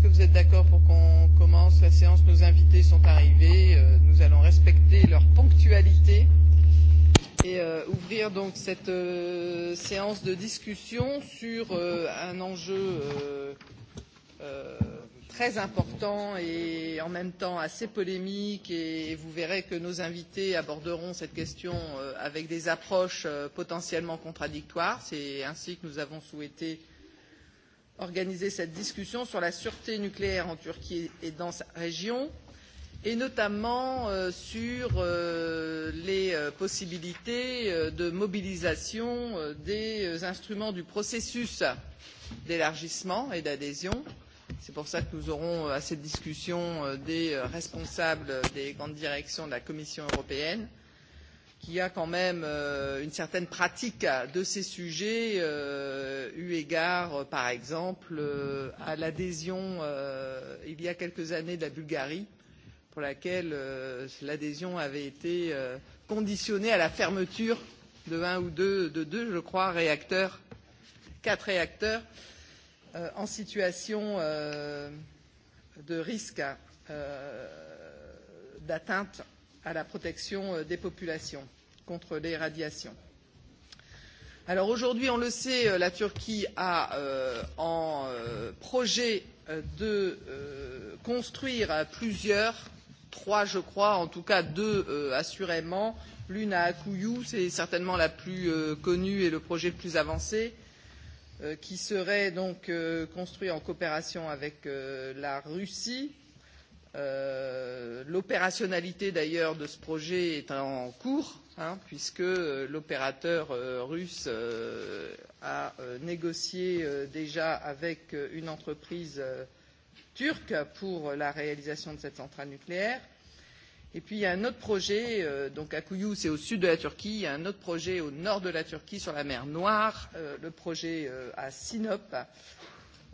Est-ce que vous êtes d'accord pour qu'on commence la séance Nos invités sont arrivés. Euh, nous allons respecter leur ponctualité et euh, ouvrir donc cette euh, séance de discussion sur euh, un enjeu euh, euh, très important et en même temps assez polémique. Et vous verrez que nos invités aborderont cette question euh, avec des approches euh, potentiellement contradictoires. C'est ainsi que nous avons souhaité euh, organiser cette discussion sur la sûreté nucléaire en Turquie et dans sa région, et notamment euh, sur euh, les euh, possibilités euh, de mobilisation euh, des euh, instruments du processus d'élargissement et d'adhésion. C'est pour ça que nous aurons euh, à cette discussion euh, des euh, responsables des grandes directions de la Commission européenne qu'il y a quand même euh, une certaine pratique de ces sujets euh, eu égard, euh, par exemple, euh, à l'adhésion euh, il y a quelques années de la Bulgarie, pour laquelle euh, l'adhésion avait été euh, conditionnée à la fermeture de un ou deux, de deux, je crois, réacteurs, quatre réacteurs, euh, en situation euh, de risque euh, d'atteinte à la protection euh, des populations contre les radiations. Alors aujourd'hui, on le sait, euh, la Turquie a euh, en euh, projet euh, de euh, construire plusieurs, trois je crois, en tout cas deux euh, assurément, l'une à Akuyu, c'est certainement la plus euh, connue et le projet le plus avancé, euh, qui serait donc euh, construit en coopération avec euh, la Russie. Euh, L'opérationnalité d'ailleurs de ce projet est en cours, hein, puisque euh, l'opérateur euh, russe euh, a négocié déjà avec une entreprise turque pour la réalisation de cette centrale nucléaire. Et puis il y a un autre projet, euh, donc à Kouyou, c'est au sud de la Turquie, il y a un autre projet au nord de la Turquie sur la mer Noire, euh, le projet euh, à Sinop,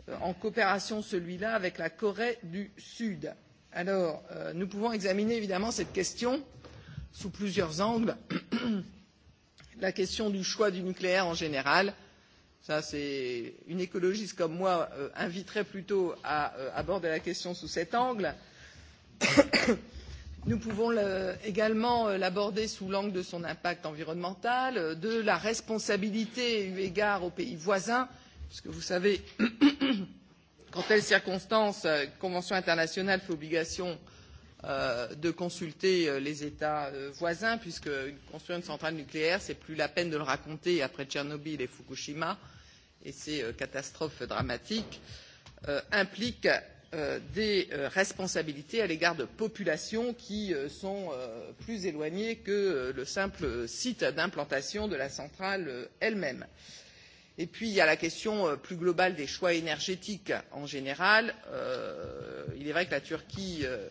euh, en coopération celui-là avec la Corée du Sud. Alors euh, nous pouvons examiner évidemment cette question euh, sous plusieurs angles la question du choix du nucléaire en général. Ça, une écologiste comme moi euh, inviterait plutôt à euh, aborder la question sous cet angle. Nous pouvons le, également euh, l'aborder sous l'angle de son impact environnemental, euh, de la responsabilité eu égard aux pays voisins, puisque vous savez qu'en telle circonstance, la euh, Convention internationale fait obligation euh, Euh, de consulter euh, les États euh, voisins, puisque construire une centrale nucléaire, c'est plus la peine de le raconter après Tchernobyl et Fukushima et ces catastrophes dramatiques, euh, implique euh, des responsabilités à l'égard de populations qui sont euh, plus éloignées que le simple site d'implantation de la centrale elle-même. Et puis il y a la question plus globale des choix énergétiques en général. Euh, il est vrai que la Turquie euh,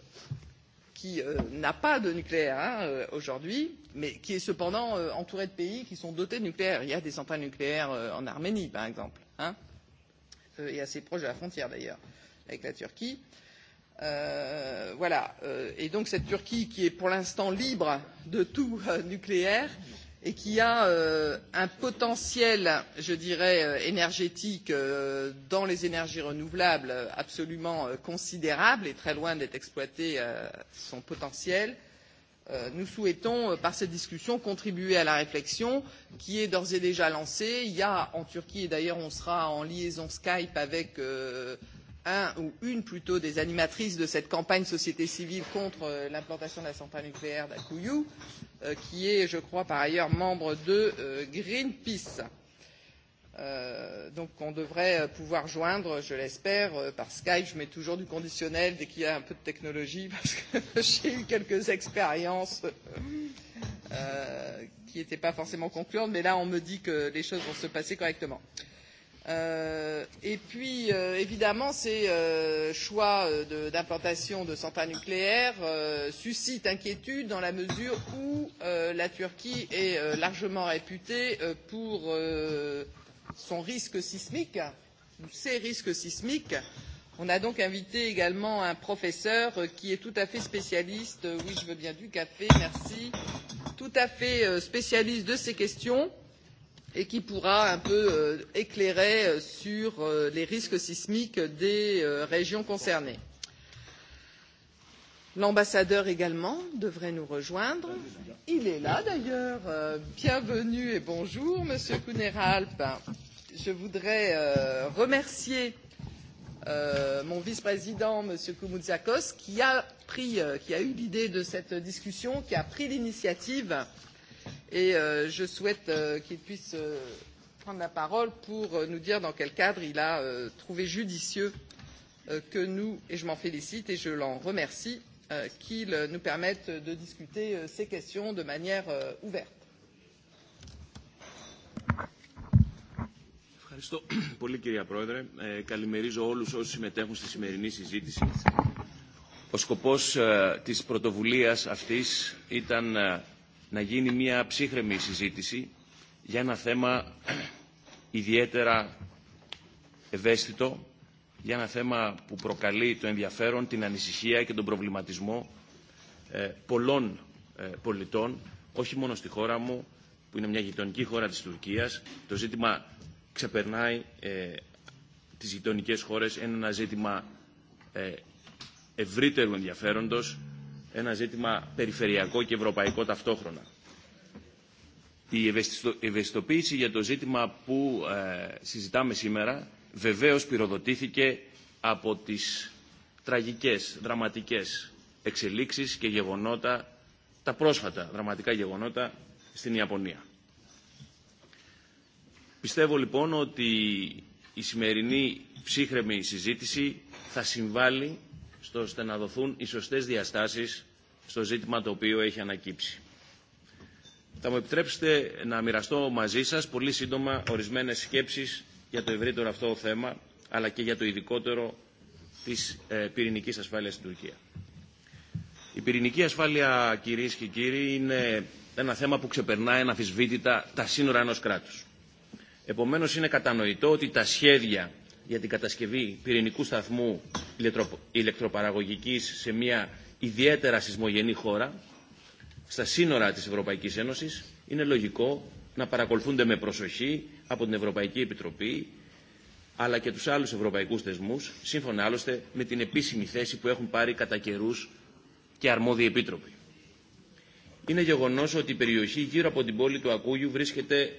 qui euh, n'a pas de nucléaire hein, euh, aujourd'hui, mais qui est cependant euh, entouré de pays qui sont dotés de nucléaire. Il y a des centrales nucléaires euh, en Arménie, par exemple, hein, euh, et assez proche de la frontière d'ailleurs avec la Turquie. Euh, voilà. Euh, et donc cette Turquie qui est pour l'instant libre de tout euh, nucléaire, euh, et qui a euh, un potentiel je dirais euh, énergétique euh, dans les énergies renouvelables absolument considérable et très loin d'être exploité son potentiel nous souhaitons par cette discussion contribuer à la réflexion qui est d'ores et déjà lancée il y a en turquie et d'ailleurs on sera en liaison skype avec un ou une plutôt des animatrices de cette campagne société civile contre euh, l'implantation de la centrale nucléaire d'Akouyou, euh, qui est, je crois, par ailleurs membre de euh, Greenpeace. Donc on devrait pouvoir joindre, je l'espère, par Skype, je mets toujours du conditionnel dès qu'il y a un peu de technologie, parce que j'ai eu quelques expériences qui n'étaient pas forcément concluantes, mais là on me dit que les choses vont se passer correctement. Euh, et puis, euh, évidemment, ces euh, choix euh, d'implantation de, de centrales nucléaires euh, suscitent inquiétude dans la mesure où euh, la Turquie est euh, largement réputée euh, pour euh, son risque sismique, ses risques sismiques. On a donc invité également un professeur euh, qui est tout à fait spécialiste, euh, oui je veux bien du café, merci, tout à fait spécialiste de ces questions. Euh, et qui pourra un peu euh, éclairer euh, sur euh, les risques sismiques des euh, régions concernées. L'ambassadeur également devrait nous rejoindre. Il est là d'ailleurs. Euh, bienvenue et bonjour, Monsieur Kuneralp. Je voudrais euh, remercier euh, mon vice-président, Monsieur Koumoudziakos, qui a, pris, euh, qui a eu l'idée de cette discussion, qui a pris l'initiative euh, et euh, je souhaite euh, qu'il puisse euh, prendre la parole pour nous dire dans quel cadre il a trouvé judicieux que nous et je m'en félicite et je l'en remercie qu'il nous permette de discuter ces questions de manière ouverte. Ευχαριστώ πολύ κυρία Πρόεδρε. Ε, καλημερίζω όλους όσους συμμετέχουν στη σημερινή συζήτηση. Ο σκοπός ε, της πρωτοβουλίας αυτής ήταν να γίνει μια ψύχρεμη συζήτηση για ένα θέμα ιδιαίτερα ευαίσθητο, για ένα θέμα που προκαλεί το ενδιαφέρον, την ανησυχία και τον προβληματισμό ε, πολλών ε, πολιτών, όχι μόνο στη χώρα μου, που είναι μια γειτονική χώρα της Τουρκίας. Το ζήτημα ξεπερνάει ε, τις γειτονικές χώρες, είναι ένα ζήτημα ε, ευρύτερου ενδιαφέροντος, ένα ζήτημα περιφερειακό και ευρωπαϊκό ταυτόχρονα. Η ευαισθητοποίηση για το ζήτημα που ε, συζητάμε σήμερα βεβαίως πυροδοτήθηκε από τις τραγικές, δραματικές εξελίξεις και γεγονότα, τα πρόσφατα δραματικά γεγονότα στην Ιαπωνία. Πιστεύω λοιπόν ότι η σημερινή ψύχρεμη συζήτηση θα συμβάλλει στο ώστε να δοθούν οι σωστές διαστάσεις στο ζήτημα το οποίο έχει ανακύψει. Θα μου επιτρέψετε να μοιραστώ μαζί σας πολύ σύντομα ορισμένες σκέψεις για το ευρύτερο αυτό θέμα, αλλά και για το ειδικότερο της ε, πυρηνικής ασφάλειας στην Τουρκία. Η πυρηνική ασφάλεια, κυρίε και κύριοι, είναι ένα θέμα που ξεπερνάει αναφυσβήτητα τα σύνορα ενός κράτους. Επομένως, είναι κατανοητό ότι τα σχέδια για την κατασκευή πυρηνικού σταθμού ηλεκτροπαραγωγικής σε μια ιδιαίτερα σεισμογενή χώρα, στα σύνορα της Ευρωπαϊκής Ένωσης, είναι λογικό να παρακολουθούνται με προσοχή από την Ευρωπαϊκή Επιτροπή, αλλά και τους άλλους ευρωπαϊκούς θεσμούς, σύμφωνα άλλωστε με την επίσημη θέση που έχουν πάρει κατά καιρού και αρμόδιοι επίτροποι. Είναι γεγονός ότι η περιοχή γύρω από την πόλη του Ακούγιου βρίσκεται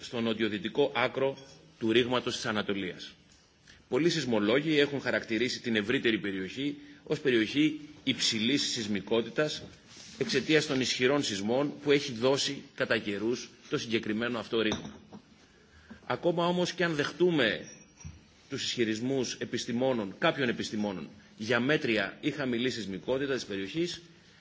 στον νοτιοδυτικό άκρο του ρήγματος της Ανατολίας. Πολλοί σεισμολόγοι έχουν χαρακτηρίσει την ευρύτερη περιοχή ω περιοχή υψηλή σεισμικότητα εξαιτία των ισχυρών σεισμών που έχει δώσει κατά καιρού το συγκεκριμένο αυτό ρήγμα. Ακόμα όμω και αν δεχτούμε του ισχυρισμού επιστημόνων, κάποιων επιστημόνων, για μέτρια ή χαμηλή σεισμικότητα τη περιοχή,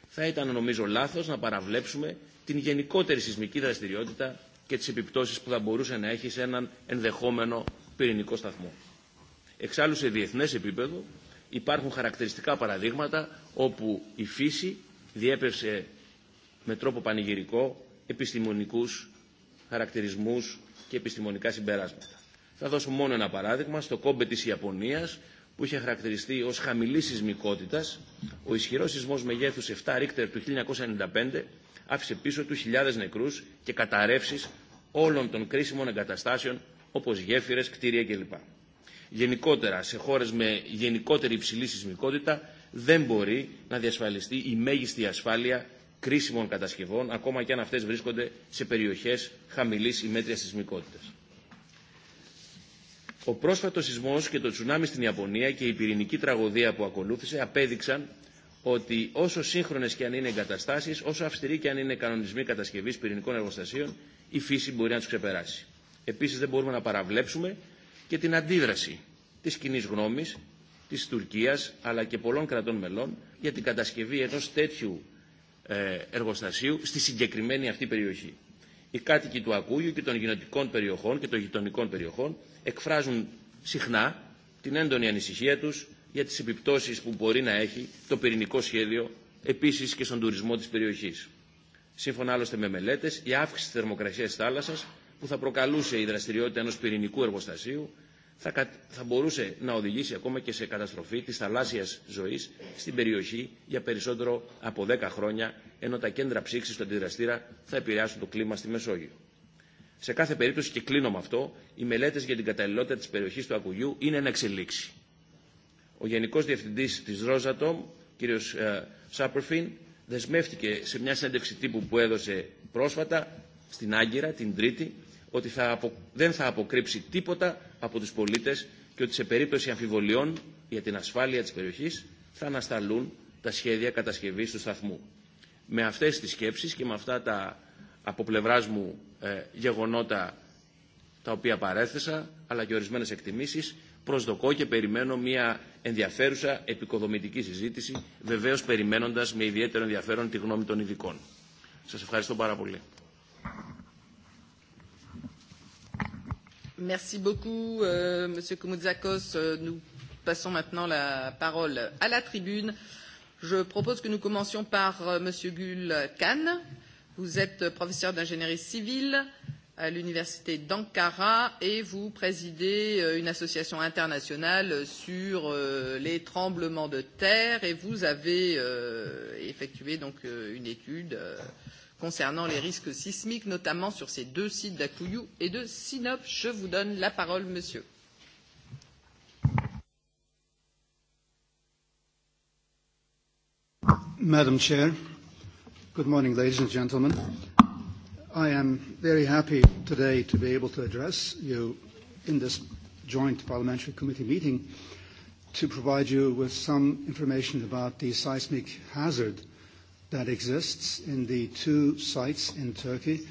θα ήταν νομίζω λάθο να παραβλέψουμε την γενικότερη σεισμική δραστηριότητα και τι επιπτώσει που θα μπορούσε να έχει σε έναν ενδεχόμενο πυρηνικό σταθμό. Εξάλλου σε διεθνές επίπεδο υπάρχουν χαρακτηριστικά παραδείγματα όπου η φύση διέπευσε με τρόπο πανηγυρικό επιστημονικούς χαρακτηρισμούς και επιστημονικά συμπεράσματα. Θα δώσω μόνο ένα παράδειγμα στο κόμπε της Ιαπωνίας που είχε χαρακτηριστεί ως χαμηλή σεισμικότητας, ο ισχυρός σεισμός μεγέθους 7 Ρίκτερ του 1995 άφησε πίσω του χιλιάδες νεκρούς και καταρρεύσεις όλων των κρίσιμων εγκαταστάσεων όπως γέφυρες, κτίρια κλπ γενικότερα σε χώρες με γενικότερη υψηλή σεισμικότητα δεν μπορεί να διασφαλιστεί η μέγιστη ασφάλεια κρίσιμων κατασκευών ακόμα και αν αυτές βρίσκονται σε περιοχές χαμηλής ή μέτριας σεισμικότητας. Ο πρόσφατος σεισμός και το τσουνάμι στην Ιαπωνία και η πυρηνική τραγωδία που ακολούθησε απέδειξαν ότι όσο σύγχρονες και αν είναι εγκαταστάσεις, όσο αυστηροί και αν είναι κανονισμοί κατασκευής πυρηνικών εργοστασίων, η φύση μπορεί να τους ξεπεράσει. Επίσης δεν μπορούμε να παραβλέψουμε και την αντίδραση της κοινή γνώμης της Τουρκίας αλλά και πολλών κρατών μελών για την κατασκευή ενός τέτοιου ε, εργοστασίου στη συγκεκριμένη αυτή περιοχή. Οι κάτοικοι του Ακούγιου και των γενετικών περιοχών και των γειτονικών περιοχών εκφράζουν συχνά την έντονη ανησυχία τους για τις επιπτώσεις που μπορεί να έχει το πυρηνικό σχέδιο επίσης και στον τουρισμό της περιοχής. Σύμφωνα άλλωστε με μελέτες, η αύξηση της θερμοκρασίας θάλασσας που θα προκαλούσε η δραστηριότητα ενός πυρηνικού εργοστασίου θα, κα, θα μπορούσε να οδηγήσει ακόμα και σε καταστροφή της θαλάσσιας ζωής στην περιοχή για περισσότερο από 10 χρόνια ενώ τα κέντρα ψήξης του αντιδραστήρα θα επηρεάσουν το κλίμα στη Μεσόγειο. Σε κάθε περίπτωση και κλείνω με αυτό, οι μελέτες για την καταλληλότητα της περιοχής του Ακουγιού είναι να εξελίξει. Ο Γενικός Διευθυντής της Ρόζατομ, κ. Σάπερφιν, δεσμεύτηκε σε μια συνέντευξη τύπου που έδωσε πρόσφατα στην Άγκυρα, την Τρίτη, ότι θα απο, δεν θα αποκρύψει τίποτα από τους πολίτες και ότι σε περίπτωση αμφιβολιών για την ασφάλεια της περιοχής θα ανασταλούν τα σχέδια κατασκευής του σταθμού. Με αυτές τις σκέψεις και με αυτά τα από πλευράς μου ε, γεγονότα τα οποία παρέθεσα, αλλά και ορισμένες εκτιμήσεις, προσδοκώ και περιμένω μια ενδιαφέρουσα επικοδομητική συζήτηση, βεβαίως περιμένοντας με ιδιαίτερο ενδιαφέρον τη γνώμη των ειδικών. Σας ευχαριστώ πάρα πολύ. Merci beaucoup, euh, Monsieur Koumoudzakos. Euh, nous passons maintenant la parole à la tribune. Je propose que nous commencions par euh, Monsieur Gul Khan. Vous êtes professeur d'ingénierie civile à l'université d'Ankara et vous présidez euh, une association internationale sur euh, les tremblements de terre et vous avez effectué donc une étude concernant les risques sismiques notamment sur ces deux sites d'akuyu et de sinop. je vous donne la parole monsieur. Madam Chair, good morning, ladies and gentlemen. I am very happy today to be able to address you in this joint parliamentary committee meeting to provide you with some information about the seismic hazard uh, that exists in the two sites in Turkey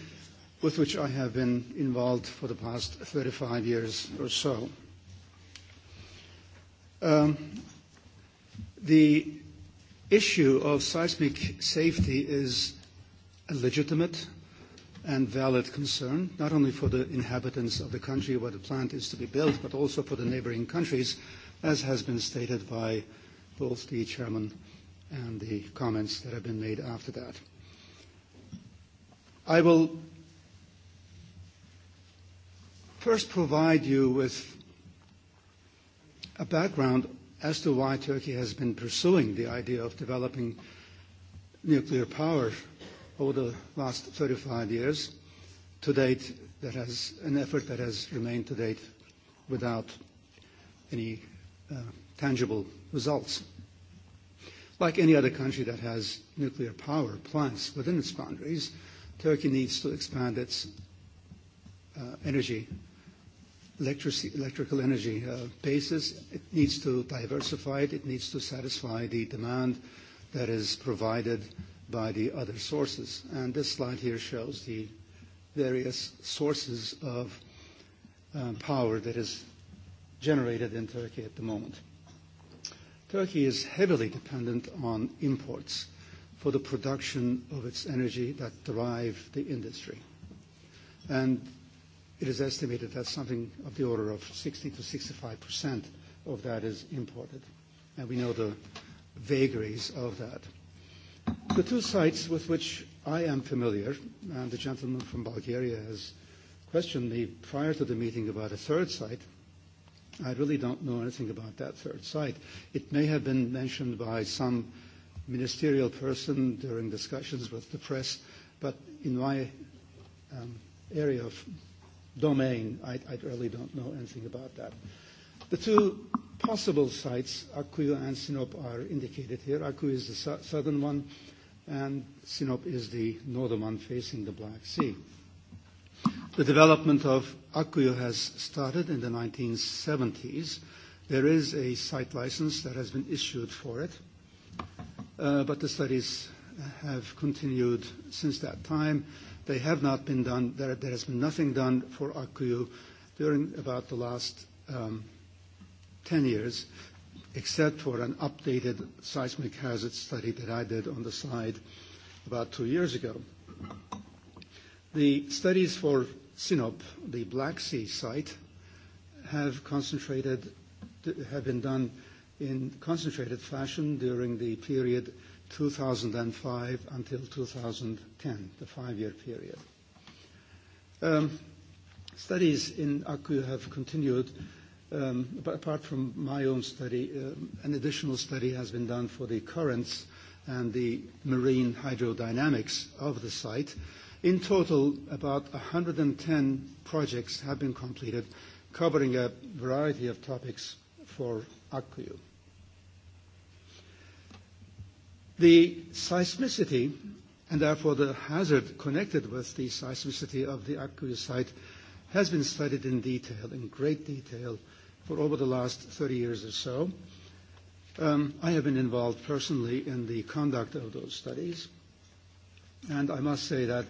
with which I have been involved for the past 35 years or so. Um, the issue of seismic safety is a legitimate and valid concern, not only for the inhabitants of the country where the plant is to be built, but also for the neighboring countries, as has been stated by both the chairman and the comments that have been made after that. I will first provide you with a background as to why Turkey has been pursuing the idea of developing nuclear power over the last 35 years. To date, that has an effort that has remained to date without any uh, tangible results like any other country that has nuclear power plants within its boundaries, Turkey needs to expand its uh, energy, electrical energy uh, basis. It needs to diversify it. It needs to satisfy the demand that is provided by the other sources. And this slide here shows the various sources of um, power that is generated in Turkey at the moment. Turkey is heavily dependent on imports for the production of its energy that drive the industry. And it is estimated that something of the order of 60 to 65 percent of that is imported. And we know the vagaries of that. The two sites with which I am familiar, and the gentleman from Bulgaria has questioned me prior to the meeting about a third site, I really don't know anything about that third site. It may have been mentioned by some ministerial person during discussions with the press, but in my um, area of domain, I, I really don't know anything about that. The two possible sites, Aku and Sinop, are indicated here. Aku is the su- southern one, and Sinop is the northern one facing the Black Sea. The development of Akuyo has started in the 1970s. There is a site license that has been issued for it, uh, but the studies have continued since that time. They have not been done, there, there has been nothing done for Akuyo during about the last um, 10 years, except for an updated seismic hazard study that I did on the slide about two years ago. The studies for Sinop, the Black Sea site, have been done in concentrated fashion during the period 2005 until 2010, the five-year period. Um, studies in Aku have continued, um, but apart from my own study, um, an additional study has been done for the currents and the marine hydrodynamics of the site, In total, about 110 projects have been completed, covering a variety of topics for Akkuyu. The seismicity, and therefore the hazard connected with the seismicity of the Akkuyu site, has been studied in detail, in great detail, for over the last 30 years or so. Um, I have been involved personally in the conduct of those studies. And I must say that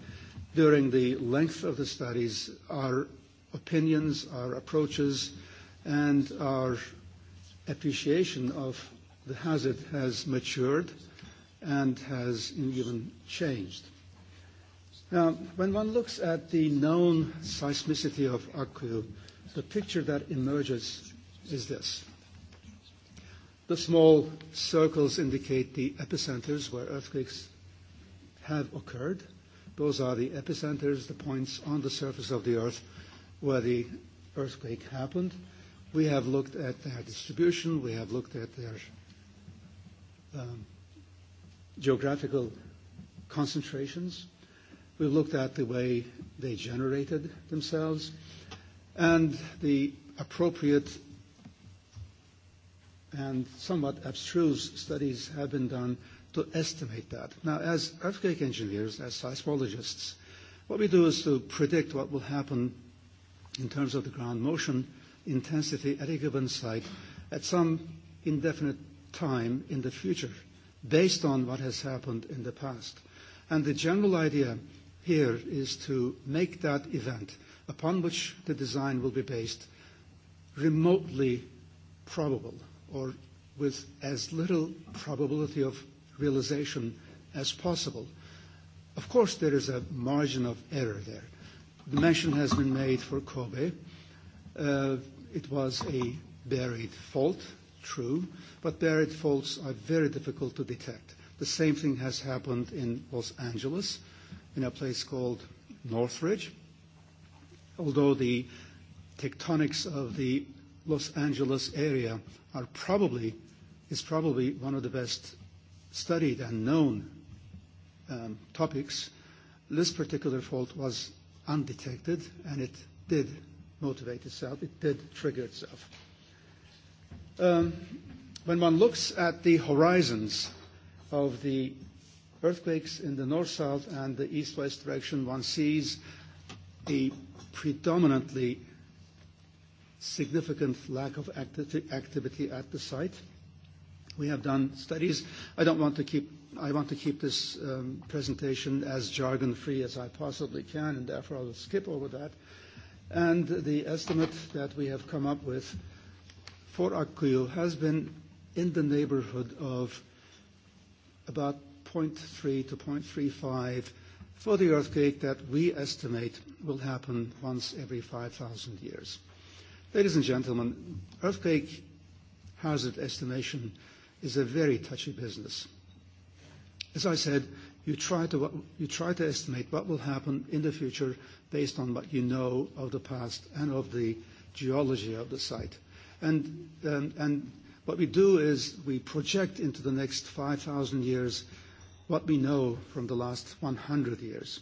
during the length of the studies, our opinions, our approaches, and our appreciation of the hazard has matured and has even changed. Now, when one looks at the known seismicity of Akku, the picture that emerges is this. The small circles indicate the epicenters where earthquakes have occurred. Those are the epicenters, the points on the surface of the Earth where the earthquake happened. We have looked at their distribution, we have looked at their um, geographical concentrations, we've looked at the way they generated themselves, and the appropriate and somewhat abstruse studies have been done to estimate that. Now, as earthquake engineers, as seismologists, what we do is to predict what will happen in terms of the ground motion intensity at a given site at some indefinite time in the future based on what has happened in the past. And the general idea here is to make that event upon which the design will be based remotely probable or with as little probability of realization as possible. Of course, there is a margin of error there. The mention has been made for Kobe. Uh, it was a buried fault, true, but buried faults are very difficult to detect. The same thing has happened in Los Angeles, in a place called Northridge. Although the tectonics of the Los Angeles area are probably, is probably one of the best studied and known um, topics, this particular fault was undetected and it did motivate itself, it did trigger itself. Um, when one looks at the horizons of the earthquakes in the north south and the east west direction, one sees a predominantly significant lack of activity at the site. We have done studies. I don't want to keep I want to keep this um, presentation as jargon free as I possibly can, and therefore I'll skip over that. And the estimate that we have come up with for Akkuyu has been in the neighborhood of about 0.3 to 0.35 for the earthquake that we estimate will happen once every 5,000 years. Ladies and gentlemen, earthquake hazard estimation is a very touchy business. As I said, you try, to, you try to estimate what will happen in the future based on what you know of the past and of the geology of the site. And, um, and what we do is we project into the next 5,000 years what we know from the last 100 years.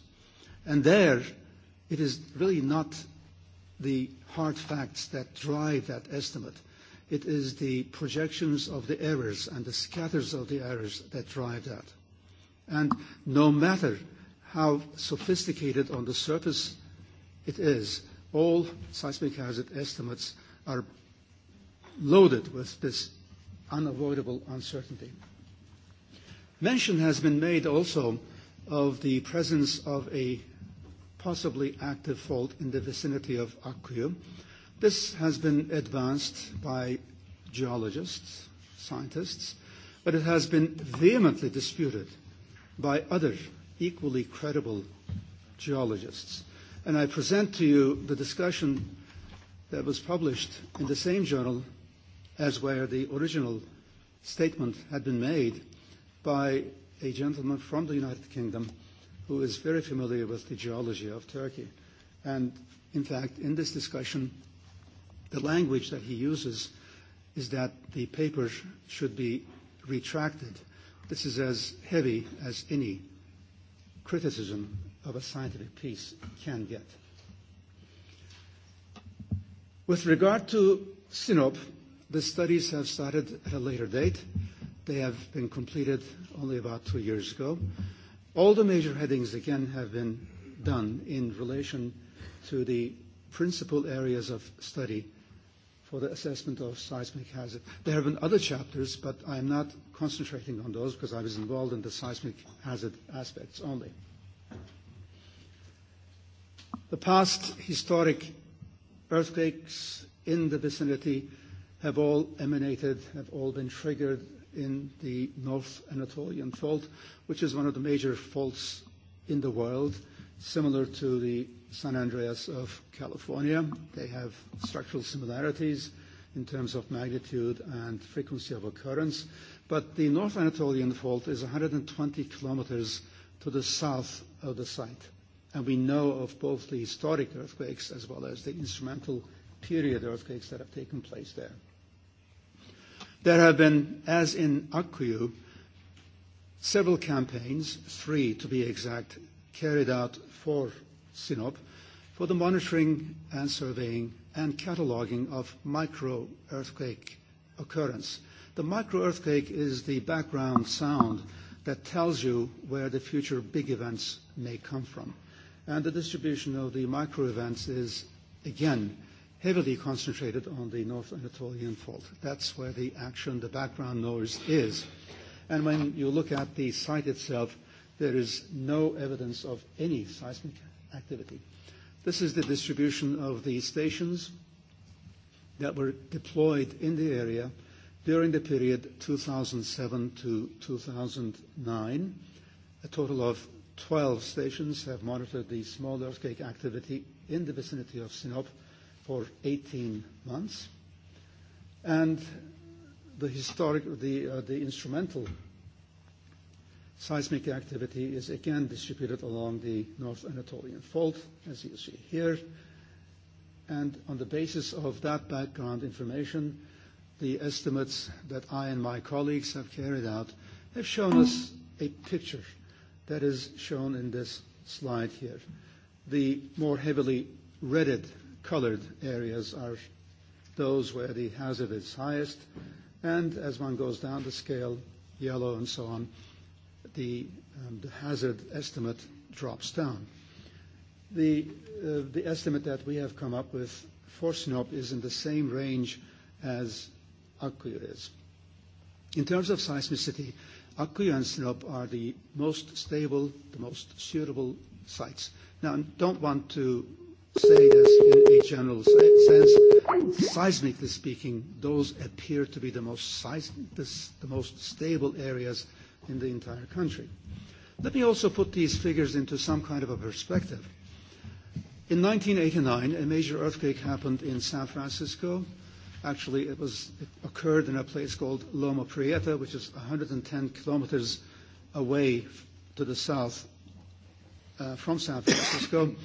And there, it is really not the hard facts that drive that estimate it is the projections of the errors and the scatters of the errors that drive that. And no matter how sophisticated on the surface it is, all seismic hazard estimates are loaded with this unavoidable uncertainty. Mention has been made also of the presence of a possibly active fault in the vicinity of Akkuyu. This has been advanced by geologists, scientists, but it has been vehemently disputed by other equally credible geologists. And I present to you the discussion that was published in the same journal as where the original statement had been made by a gentleman from the United Kingdom who is very familiar with the geology of Turkey. And in fact, in this discussion, the language that he uses is that the papers should be retracted. This is as heavy as any criticism of a scientific piece can get. With regard to SINOP, the studies have started at a later date. They have been completed only about two years ago. All the major headings, again, have been done in relation to the principal areas of study for the assessment of seismic hazard. There have been other chapters, but I'm not concentrating on those because I was involved in the seismic hazard aspects only. The past historic earthquakes in the vicinity have all emanated, have all been triggered in the North Anatolian Fault, which is one of the major faults in the world, similar to the San Andreas of California. They have structural similarities in terms of magnitude and frequency of occurrence. But the North Anatolian fault is 120 kilometers to the south of the site. And we know of both the historic earthquakes as well as the instrumental period earthquakes that have taken place there. There have been, as in Akkuyu, several campaigns, three to be exact, carried out for SYNOP, for the monitoring and surveying and cataloging of micro-earthquake occurrence. The micro-earthquake is the background sound that tells you where the future big events may come from. And the distribution of the micro-events is, again, heavily concentrated on the North Anatolian Fault. That's where the action, the background noise is. And when you look at the site itself, there is no evidence of any seismic activity. This is the distribution of the stations that were deployed in the area during the period 2007 to 2009. A total of 12 stations have monitored the small earthquake activity in the vicinity of Sinop for 18 months. Uh, the instrumental seismic activity is again distributed along the North Anatolian Fault, as you see here. And on the basis of that background information, the estimates that I and my colleagues have carried out have shown us a picture that is shown in this slide here. The more heavily redded colored areas are those where the hazard is highest, and as one goes down the scale, yellow and so on, uh, the, um, the hazard estimate drops down. The, uh, the estimate that we have come up with for SNOP is in the same range as Akuya is. In terms of seismicity, Akuya and SNOP are the most stable, the most suitable sites. Now, I don't want to say this in a general sense. Seismically speaking, those appear to be the most, seis- the, the most stable areas in the entire country. Let me also put these figures into some kind of a perspective. In 1989, a major earthquake happened in San Francisco. Actually, it, was, it occurred in a place called Loma Prieta, which is 110 kilometers away to the south uh, from San Francisco.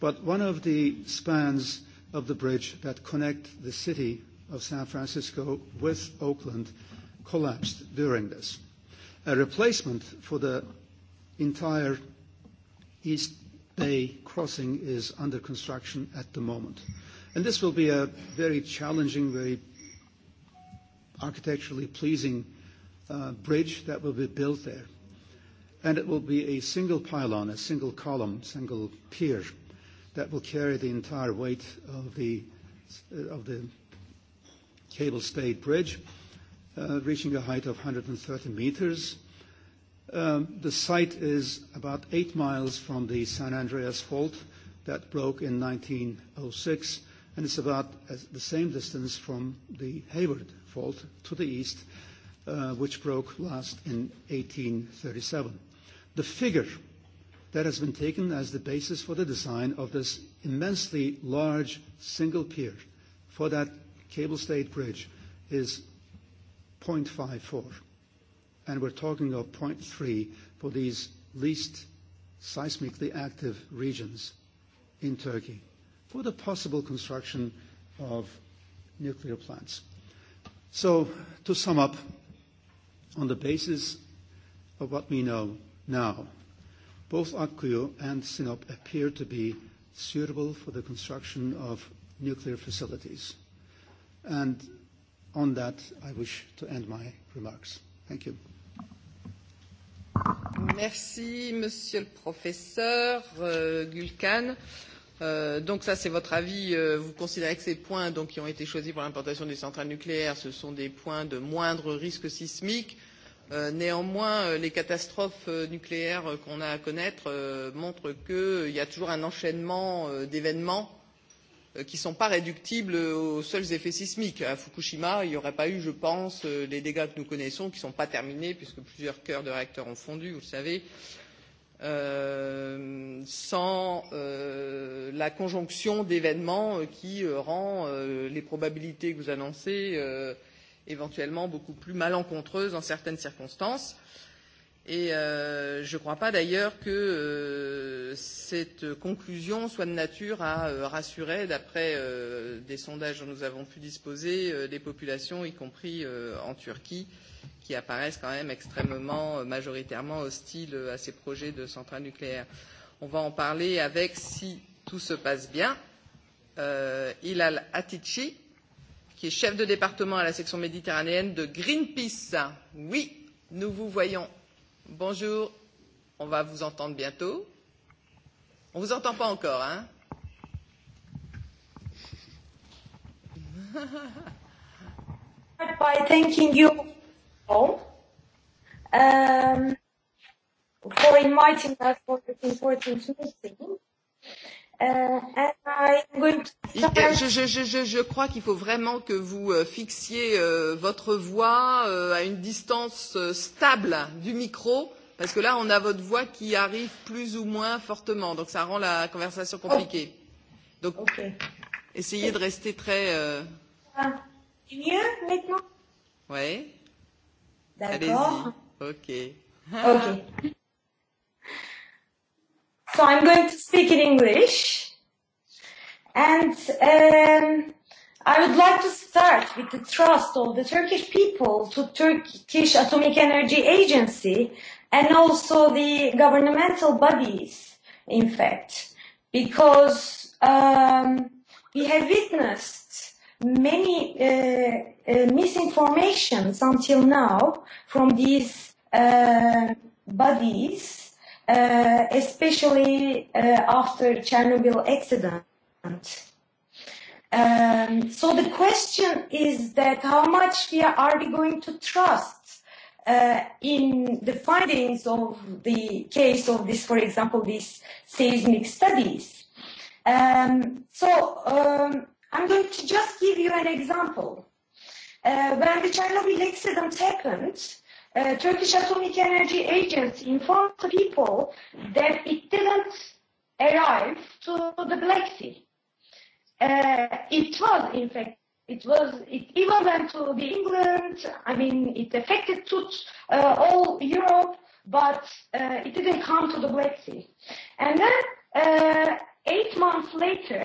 but one of the spans of the bridge that connect the city of San Francisco with Oakland collapsed during this a replacement for the entire East Bay crossing is under construction at the moment. And this will be a very challenging, very architecturally pleasing uh, bridge that will be built there. And it will be a single pylon, a single column, single pier that will carry the entire weight of the, uh, of the cable stayed bridge uh, reaching a height of 130 meters. Um, the site is about eight miles from the San Andreas Fault that broke in 1906, and it's about as the same distance from the Hayward Fault to the east, uh, which broke last in 1837. The figure that has been taken as the basis for the design of this immensely large single pier for that cable-stayed bridge is 0.54, and we're talking of 0.3 for these least seismically active regions in Turkey for the possible construction of nuclear plants. To sum up, on the basis of what we know now, both Akkuyu and Sinop appear to be suitable for the construction of nuclear facilities. On that, I wish to end my remarks. Thank you. Merci, Monsieur le Professeur euh, Gulcan. Euh, donc ça, c'est votre avis. Euh, vous considérez que ces points donc qui ont été choisis pour l'implantation des centrales nucléaires, ce sont des points de moindre risque sismique. Néanmoins, les catastrophes nucléaires qu'on a à connaître montrent qu'il y a toujours un enchaînement d'événements Euh, qui ne sont pas réductibles aux seuls effets sismiques. À Fukushima, il n'y aurait pas eu, je pense, euh, les dégâts que nous connaissons, qui ne sont pas terminés, puisque plusieurs cœurs de réacteurs ont fondu, vous le savez, euh, sans euh, la conjonction d'événements euh, qui euh, rend euh, les probabilités que vous annoncez euh, éventuellement beaucoup plus malencontreuses dans certaines circonstances. Euh, Et euh, je ne crois pas d'ailleurs que euh, cette conclusion soit de nature à euh, rassurer, d'après euh, des sondages dont nous avons pu disposer, euh, les populations, y compris euh, en Turquie, qui apparaissent quand même extrêmement euh, majoritairement hostiles euh, à ces projets de centrales nucléaires. On va en parler avec, si tout se passe bien, euh, Ilal Atici, qui est chef de département à la section méditerranéenne de Greenpeace. Oui, nous vous voyons Bonjour, on va vous entendre bientôt. On ne vous entend pas encore, hein By thanking you all um, for inviting us for this important meeting. Je, je, je, je, je crois qu'il faut vraiment que vous fixiez votre voix à une distance stable du micro, parce que là, on a votre voix qui arrive plus ou moins fortement, donc ça rend la conversation compliquée. Donc, okay. essayez de rester très. Euh... Mieux maintenant. Oui. D'accord. Ok. Ok. So I'm going to speak in English. And um, I would like to start with the trust of the Turkish people to Turkish Atomic Energy Agency and also the governmental bodies, in fact, because um, we have witnessed many uh, uh, misinformations until now from these uh, bodies uh, especially uh, after Chernobyl accident. Um, so the question is that how much we are, are we going to trust uh, in the findings of the case of this, for example, these seismic studies? Um, so um, I'm going to just give you an example. Uh, when the Chernobyl accident happened, uh, Uh, Turkish Atomic Energy Agency informed the people that it didn't arrive to the Black Sea. Uh, it was, in fact, it was, it even went to the England, I mean, it affected to, uh, all Europe, but uh, it didn't come to the Black Sea. And then, uh, eight months later,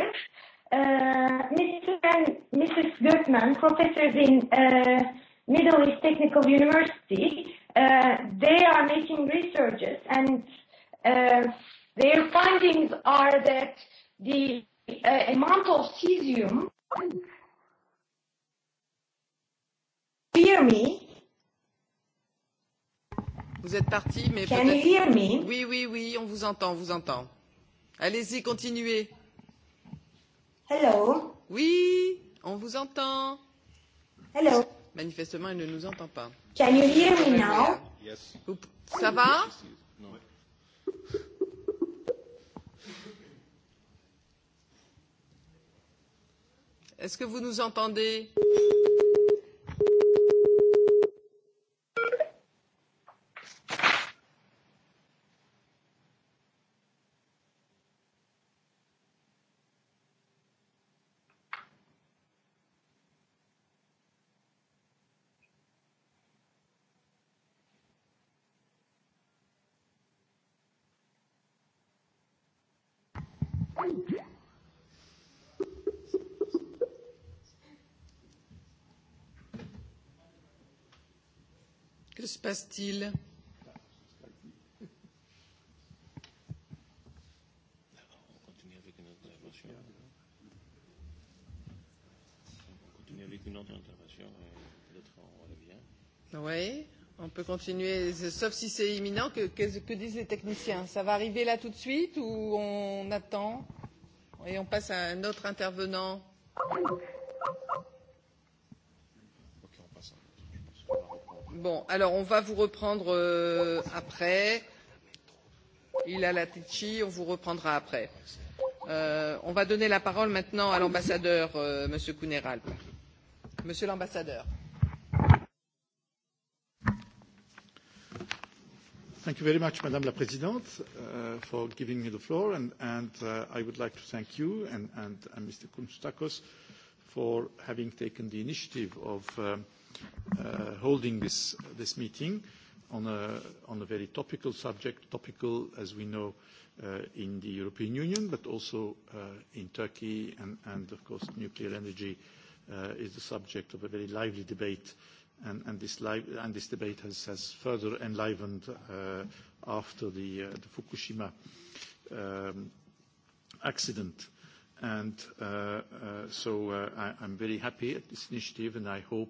uh, Mr. and Mrs. Goodman, professors in uh, Middle East Technical University, uh, they are making researches and uh, their findings are that the uh, amount of cesium, fear me. Vous êtes parti, mais Can you hear me? Oui, oui, oui, on vous entend, on vous entend. Allez-y, continuez. Hello. Oui, on vous entend. Hello manifestement il ne nous entend pas. Can you hear me now? Yes. Ça va? Est-ce que vous nous entendez? que se passe-t-il Oui, on peut continuer, sauf si c'est imminent. Que, que, que disent les techniciens Ça va arriver là tout de suite ou on attend et on passe à un autre intervenant bon alors on va vous reprendre euh, après il a la tichy, on vous reprendra après euh, on va donner la parole maintenant à l'ambassadeur euh, monsieur Kuneral. monsieur l'ambassadeur Thank you very much, Madame la Présidente, uh, for giving me the floor. And, and uh, I would like to thank you and, and, and Mr. Kunstakos for having taken the initiative of uh, uh, holding this, this meeting on a, on a very topical subject, topical, as we know, uh, in the European Union, but also uh, in Turkey, and, and of course, nuclear energy uh, is the subject of a very lively debate, and, and, this, li- and this debate has, has further enlivened uh, after the, uh, the Fukushima um, accident. And uh, uh, so uh, I, I'm very happy at this initiative, and I hope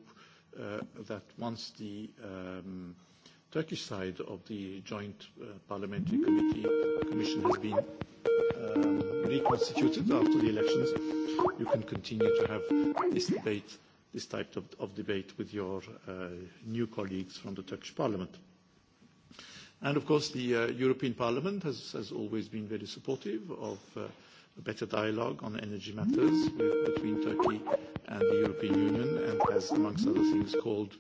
Uh, that once the um, Turkish side of the joint uh, parliamentary committee uh, commission has been um, reconstituted after the elections, you can continue to have this debate, this type of, of debate with your uh, new colleagues from the Turkish parliament. And of course, the uh, European Parliament has, has always been very supportive of uh, a better dialogue on energy matters with, between Turkey and the European Union and has, amongst other things, called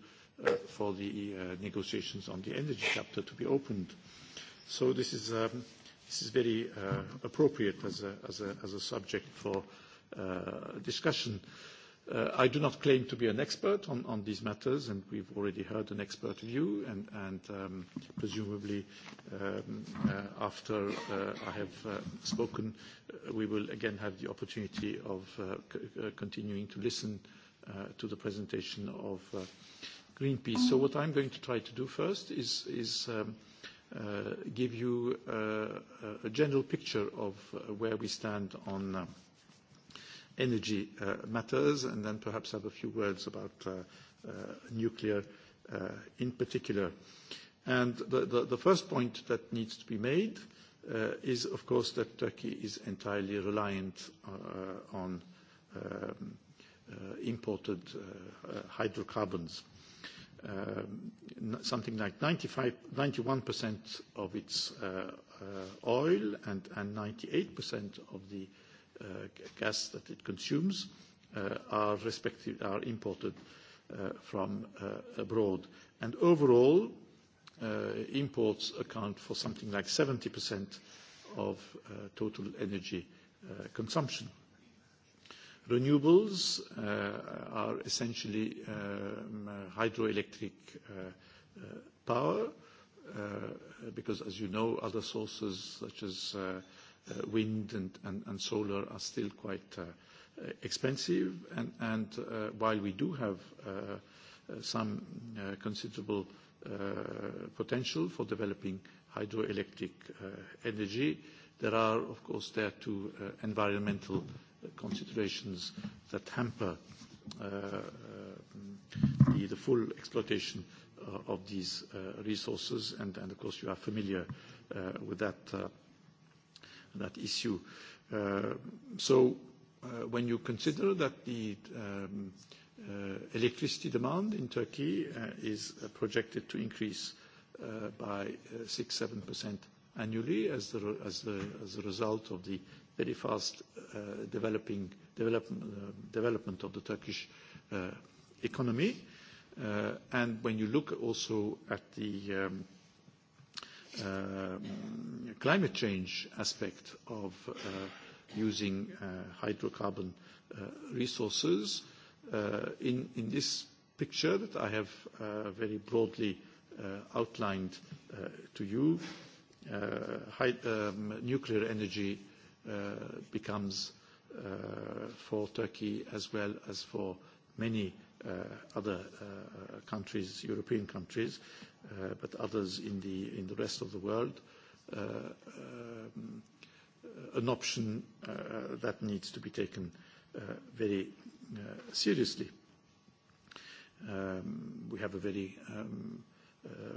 uh, for the uh, negotiations on the energy chapter to be opened. So this is, um, this is very uh, appropriate as a, as, a, as a subject for uh, discussion. Uh, Uh, I do not claim to be an expert on these matters, and we've already heard an expert view, and um, presumably, um, uh, after uh, I have spoken, we will again have the opportunity of continuing to listen to the presentation of Greenpeace. So what I'm going to try to do first is um, give you a general picture of where we stand on energy uh, matters, and then perhaps have a few words about uh, uh, nuclear in particular. The first point that needs to be made is, of course, that Turkey is entirely reliant on um, imported hydrocarbons. Um, something like 91% of its oil and 98% of the Uh, gas that it consumes uh, are imported uh, from abroad. Overall, imports account for something like 70% of total energy consumption. Renewables are essentially um, hydroelectric power because as you know, other sources such as Uh, wind and solar are still quite uh, expensive. And uh, while we do have some considerable potential for developing hydroelectric energy, there are, of course, there too environmental considerations that hamper the full exploitation of these resources. And of course, you are familiar with that issue. Uh, so uh, when you consider that the um, uh, electricity demand in Turkey is projected to increase by 6%-7% annually as a result of the very fast development of the Turkish economy, and when you look also at the um, Uh, climate change aspect of uh, using uh, hydrocarbon uh, resources. Uh, in, in this picture that I have uh, very broadly uh, outlined uh, to you, uh, high, um, nuclear energy uh, becomes uh, for Turkey as well as for many uh, other uh, countries, European countries, Uh, but others in the rest of the world, uh, uh, an option that needs to be taken very seriously. Um, we have a very um,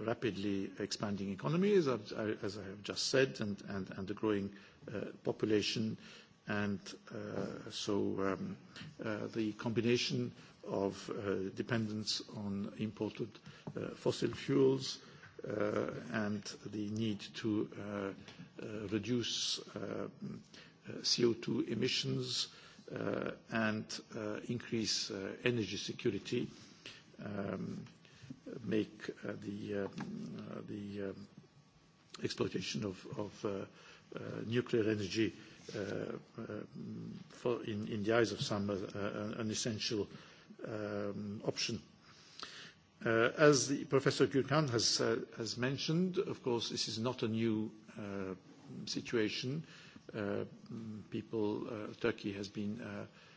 rapidly expanding economy, as I've just said, and a growing population. Um, the combination of uh, dependence on imported uh, fossil fuels uh, and the need to reduce CO2 emissions and increase energy security um, make the exploitation of nuclear energy in the eyes of some an essential Um, option. Uh, as Professor Guircan uh, has mentioned, of course, this is not a new uh, situation. People, Turkey has been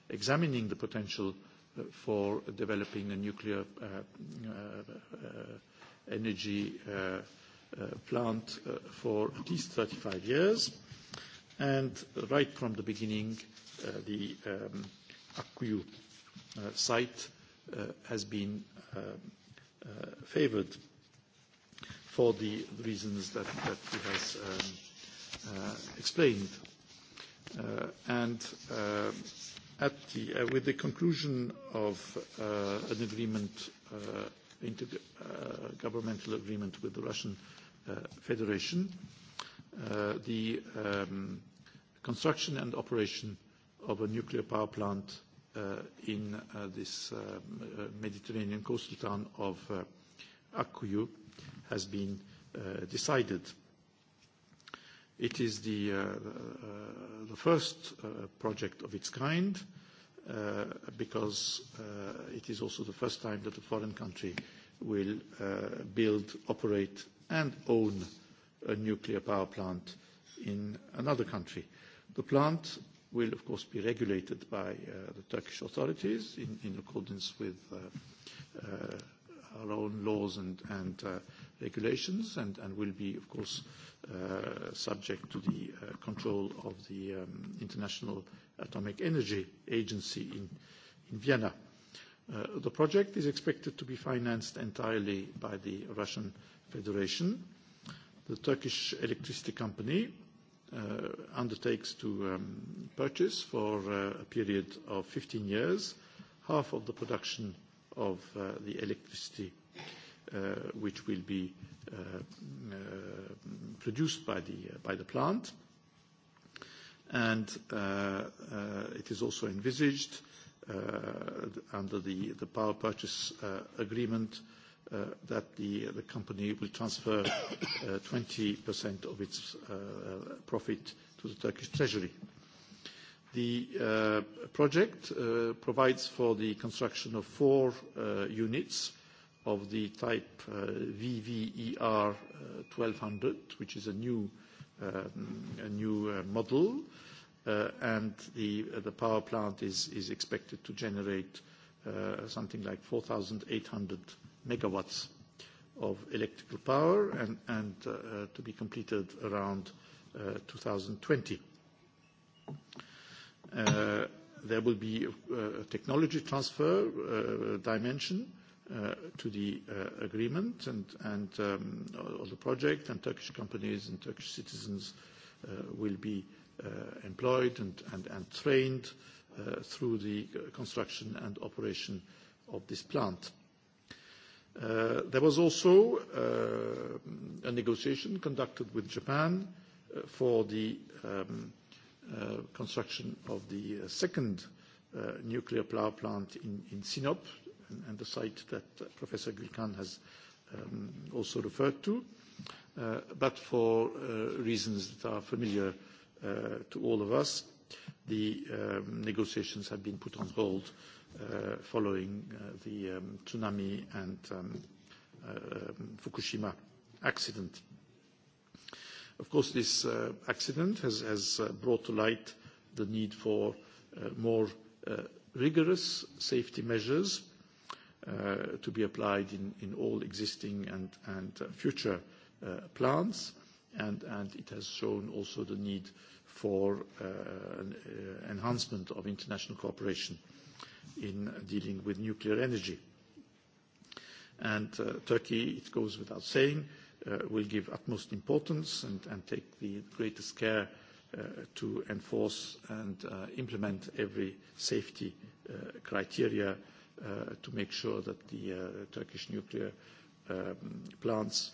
examining the potential for developing a nuclear energy plant for at least 35 years. Right from the beginning, the um, Akkuyu Uh, site uh, has been uh, favored for the reasons that he has um, explained. With the conclusion of an agreement, intergovernmental agreement with the Russian Federation, the um, construction and operation of a nuclear power plant Uh, in uh, this um, uh, Mediterranean coastal town of Akyüe has been decided. It is the first project of its kind because it is also the first time that a foreign country will build, operate, and own a nuclear power plant in another country. The plant will, of course, be regulated by uh, the Turkish authorities in accordance with uh, uh, our own laws and regulations, and will be, of course, subject to the control of the um, International Atomic Energy Agency in Vienna. The project is expected to be financed entirely by the Russian Federation. The Turkish electricity company Uh, undertakes to um, purchase for uh, a period of 15 years half of the production of uh, the electricity uh, which will be uh, uh, produced by the, uh, by the plant. And uh, uh, it is also envisaged uh, under the, the power purchase uh, agreement uh, Uh, that the company will transfer 20% uh, of its uh, profit to the Turkish Treasury. The project provides for the construction of four units of the type VVER-1200, e which is a new um, model. The power plant is expected to generate something like 4,800 MW of electrical power and uh, uh, to be completed around 2020. Uh, there will be a technology transfer dimension to the agreement and on um, the project, and Turkish companies and Turkish citizens will be employed and trained through the construction and operation of this plant. Uh, there was also uh, a negotiation conducted with Japan uh, for the um, construction of the second nuclear power plant in Sinop, and the site that Professor Gulkan has um, also referred to. For reasons that are familiar to all of us, the um, negotiations have been put on hold Uh, following uh, the um, tsunami and um, uh, um, Fukushima accident. Of course, this accident has brought to light the need for more rigorous safety measures to be applied in all existing and future plants. It has shown also the need for enhancement of international cooperation in dealing with nuclear energy. Uh, Turkey, it goes without saying, uh, will give utmost importance and take the greatest care uh, to enforce and implement every safety criteria to make sure that the Turkish nuclear um, plants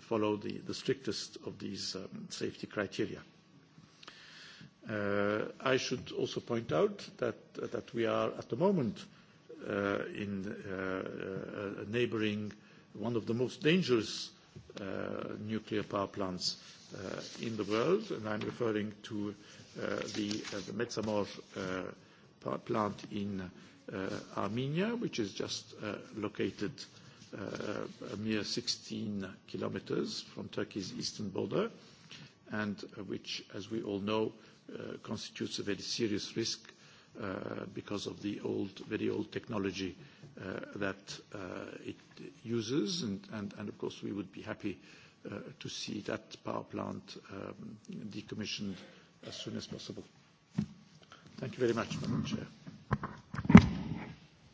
follow the strictest of these um, safety criteria. Uh, I should also point out that we are at the moment uh, in uh, neighboring one of the most dangerous nuclear power plants in the world, and I'm referring to the Metsamor power plant in Armenia, which is just located a mere 16 kilometers from Turkey's eastern border, and which, as we all know, Uh, constitutes a very serious risk uh, because of the old, very old technology uh, that uh, it uses. And, and, and of course, we would be happy uh, to see that power plant um, decommissioned as soon as possible. Thank you very much, Madam Chair.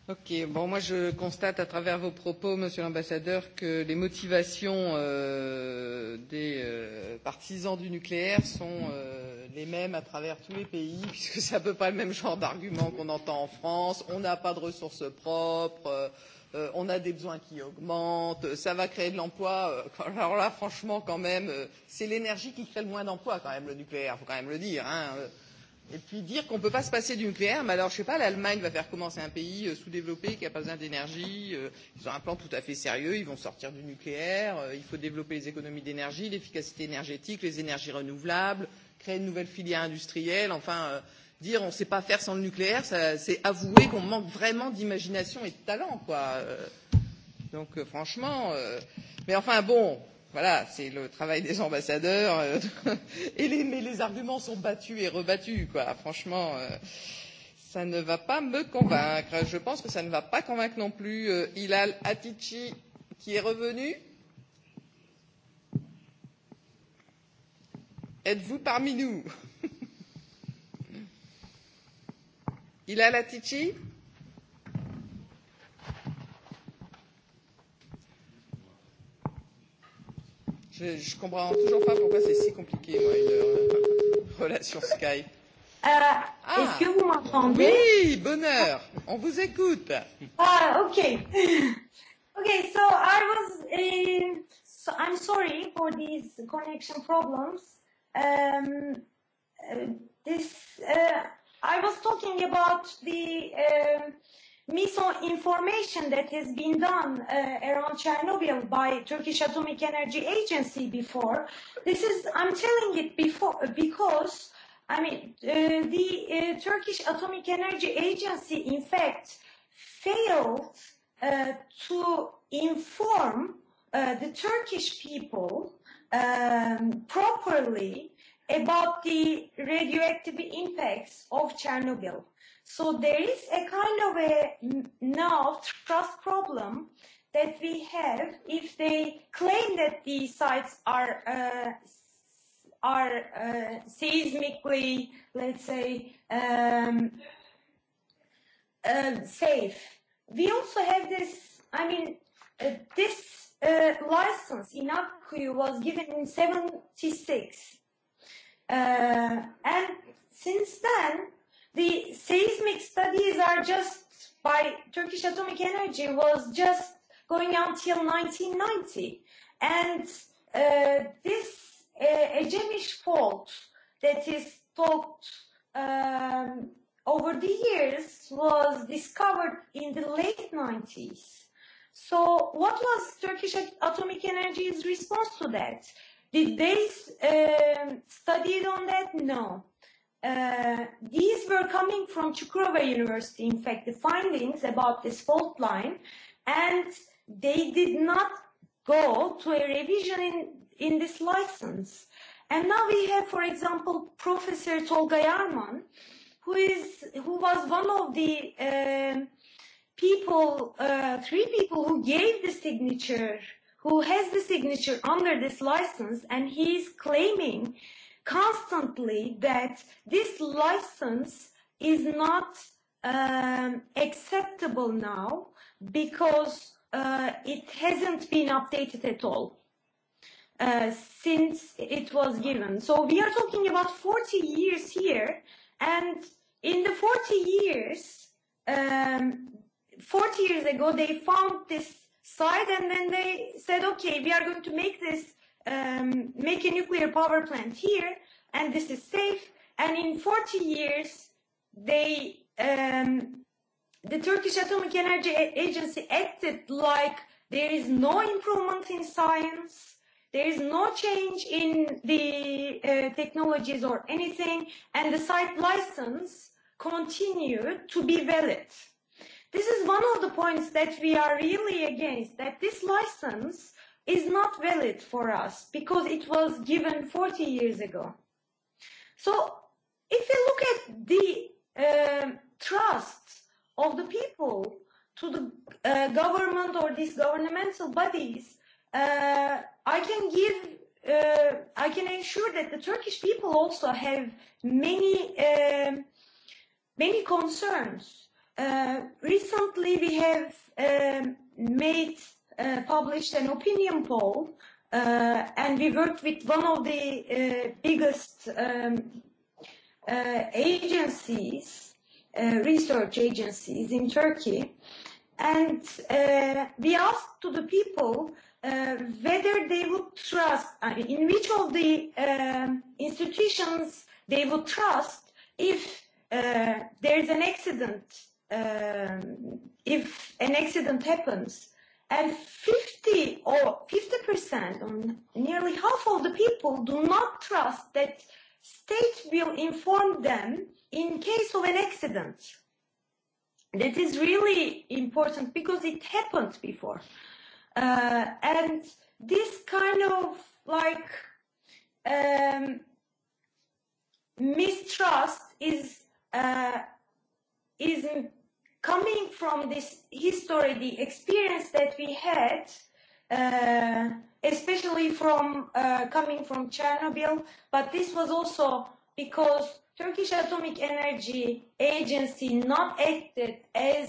Ok, bon, moi je constate à travers vos propos, Monsieur l'ambassadeur, que les motivations euh, des euh, partisans du nucléaire sont euh, les mêmes à travers tous les pays, puisque c'est à peu près le même genre d'argument qu'on entend en France. On n'a pas de ressources propres, euh, on a des besoins qui augmentent, ça va créer de l'emploi. Euh, alors là, franchement, quand même, euh, c'est l'énergie qui crée le moins d'emplois, quand même, le nucléaire, il faut quand même le dire. Hein. Euh. Et puis dire qu'on ne peut pas se passer du nucléaire, mais alors je ne sais pas, l'Allemagne va faire commencer un pays sous-développé qui n'a pas besoin d'énergie. Ils ont un plan tout à fait sérieux, ils vont sortir du nucléaire. Il faut développer les économies d'énergie, l'efficacité énergétique, les énergies renouvelables créer de nouvelles filières industrielles enfin euh, dire on ne sait pas faire sans le nucléaire c'est avouer qu'on manque vraiment d'imagination et de talent quoi. Euh, donc euh, franchement mais enfin bon voilà c'est le travail des ambassadeurs et les, mais les arguments sont battus et rebattus quoi franchement ça ne va pas me convaincre je pense que ça ne va pas convaincre non plus Hilal Atici qui est revenu Êtes-vous parmi nous Il a la Tichy Je ne comprends toujours pas pourquoi c'est si compliqué, moi, une euh, relation Skype. Euh, ah, Est-ce que vous m'entendez Oui, bonheur, ah. on vous écoute. Ah, ok. Ok, so I was. Uh, so I'm sorry for these connection problems. Um, this, uh, I was talking about the uh, misinformation that has been done uh, around Chernobyl by Turkish Atomic Energy Agency before. This is, I'm telling it before because, I mean, uh, the uh, Turkish Atomic Energy Agency, in fact, failed uh, to inform uh, the Turkish people um, properly about the radioactive impacts of Chernobyl. So there is a kind of a now trust problem that we have if they claim that the sites are uh, are uh, seismically, let's say, um, uh, safe. We also have this. I mean, uh, this a uh, license in Akkuyu was given in 76. Uh, and since then, the seismic studies are just by Turkish Atomic Energy was just going until 1990. And uh, this Egemish uh, fault that is talked um, over the years was discovered in the late 90s. So what was Turkish Atomic Energy's response to that? Did they uh, um, study on that? No. Uh, these were coming from Chukurova University, in fact, the findings about this fault line, and they did not go to a revision in, in this license. And now we have, for example, Professor Tolga Yarman, who, is, who was one of the uh, people, uh, three people who gave the signature, who has the signature under this license, and he's claiming constantly that this license is not um, acceptable now because uh, it hasn't been updated at all. Uh, since it was given. So we are talking about 40 years here, and in the 40 years, um, 40 years ago, they found this site and then they said, okay, we are going to make this, um, make a nuclear power plant here and this is safe. And in 40 years, they, um, the Turkish Atomic Energy Agency acted like there is no improvement in science. There is no change in the uh, technologies or anything, and the site license continued to be valid. Uh, this is one of the points that we are really against that this license is not valid for us because it was given 40 years ago so if you look at the uh, trust of the people to the uh, government or these governmental bodies uh, i can give uh, i can ensure that the turkish people also have many uh, many concerns Uh, recently we have um, made uh, published an opinion poll uh, and we worked with one of the uh, biggest um, uh, agencies uh, research agencies in Turkey and uh, we asked to the people uh, whether they would trust uh, in which of the uh, institutions they would trust if uh, there's an accident uh, um, if an accident happens and 50 or 50 percent or nearly half of the people do not trust that state will inform them in case of an accident that is really important because it happened before uh, and this kind of like um, mistrust is uh, is coming from this history, the experience that we had, uh, especially from uh, coming from Chernobyl, but this was also because Turkish Atomic Energy Agency not acted as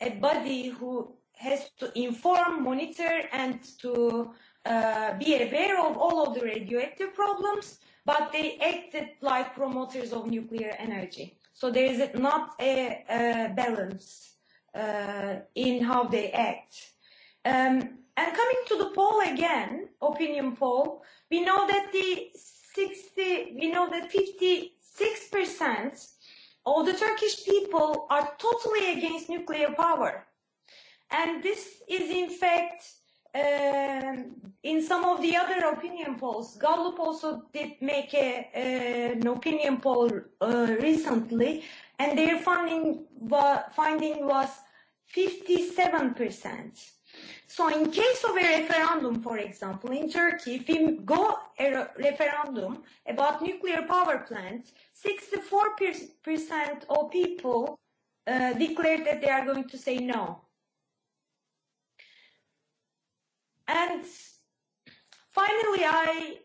a body who has to inform, monitor, and to uh, be aware of all of the radioactive problems, but they acted like promoters of nuclear energy. So there is not a, a balance uh, in how they act. Um, and coming to the poll again, opinion poll, we know that the 60, we know that 56% of the Turkish people are totally against nuclear power. And this is in fact Um, in some of the other opinion polls, Gallup also did make a, uh, an opinion poll uh, recently, and their finding, wa- finding was 57%. So in case of a referendum, for example, in Turkey, if we go a re- referendum about nuclear power plants, 64% of people uh, declared that they are going to say no. and finally i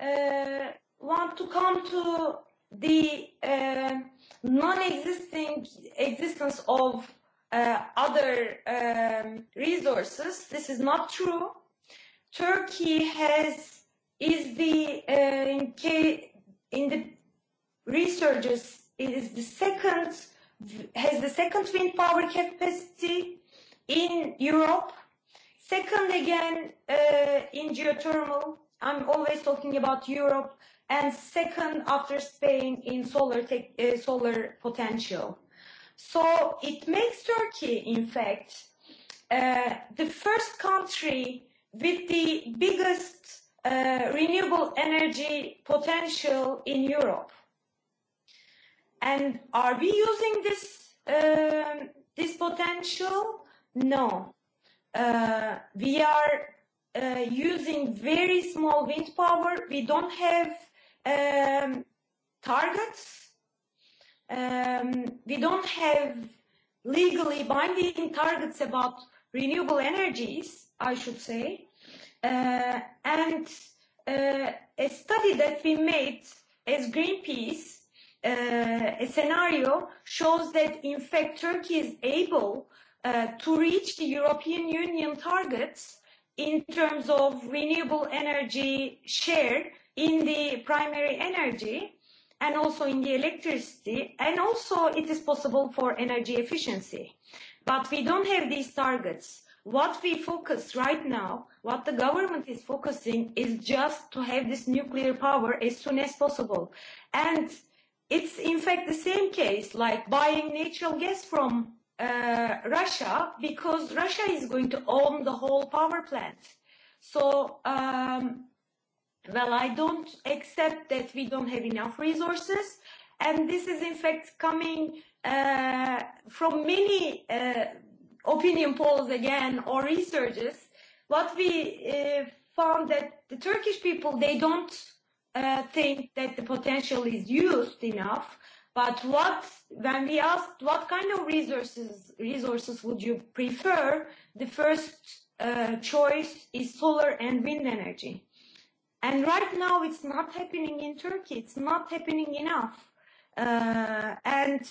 uh, want to come to the uh, non-existing existence of uh, other um, resources this is not true turkey has is the uh, in, K, in the researches it is the second has the second wind power capacity in europe Second, again, uh, in geothermal, I'm always talking about Europe, and second after Spain in solar tech, uh, solar potential. So it makes Turkey, in fact, uh, the first country with the biggest renewable energy potential in Europe. And are we using this um, potential? No uh, we are uh, using very small wind power. We don't have um, targets. Um, we don't have legally binding targets about renewable energies, I should say. Uh, and uh, a study that we made as Greenpeace, uh, a scenario shows that in fact Turkey is able uh, Uh, to reach the European Union targets in terms of renewable energy share in the primary energy and also in the electricity. And also it is possible for energy efficiency. But we don't have these targets. What we focus right now, what the government is focusing is just to have this nuclear power as soon as possible. And it's in fact the same case like buying natural gas from uh, Russia because Russia is going to own the whole power plant. So, um, well, I don't accept that we don't have enough resources. And this is, in fact, coming uh, from many uh, opinion polls again or researches. What we uh, found that the Turkish people, they don't uh, think that the potential is used enough. But what when we asked what kind of resources resources would you prefer, the first uh, choice is solar and wind energy. And right now it's not happening in Turkey. It's not happening enough. Uh, and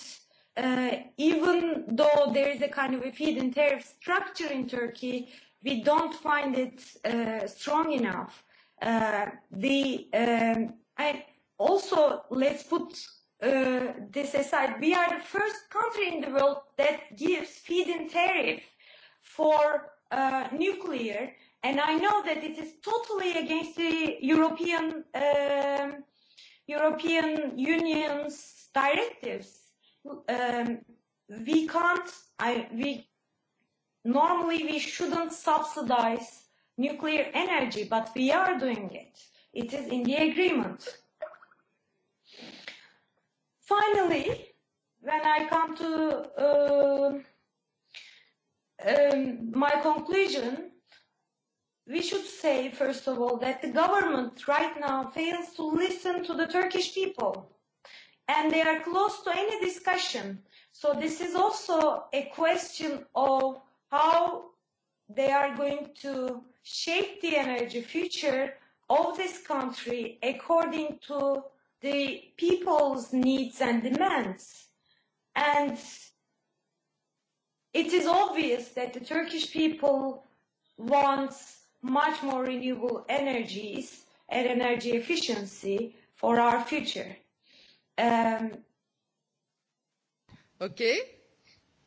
uh, even though there is a kind of a feed-in tariff structure in Turkey, we don't find it uh, strong enough. Uh, the um, I, also let's put uh, this aside, we are the first country in the world that gives feed-in tariff for uh, nuclear, and I know that it is totally against the European uh, European Union's directives. Um, we can't. I we normally we shouldn't subsidize nuclear energy, but we are doing it. It is in the agreement finally, when I come to uh, um, my conclusion, we should say, first of all, that the government right now fails to listen to the Turkish people. And they are close to any discussion. So this is also a question of how they are going to shape the energy future of this country according to the people's needs and demands. And it is obvious that the Turkish people wants much more renewable energies and energy efficiency for our future. Um, okay.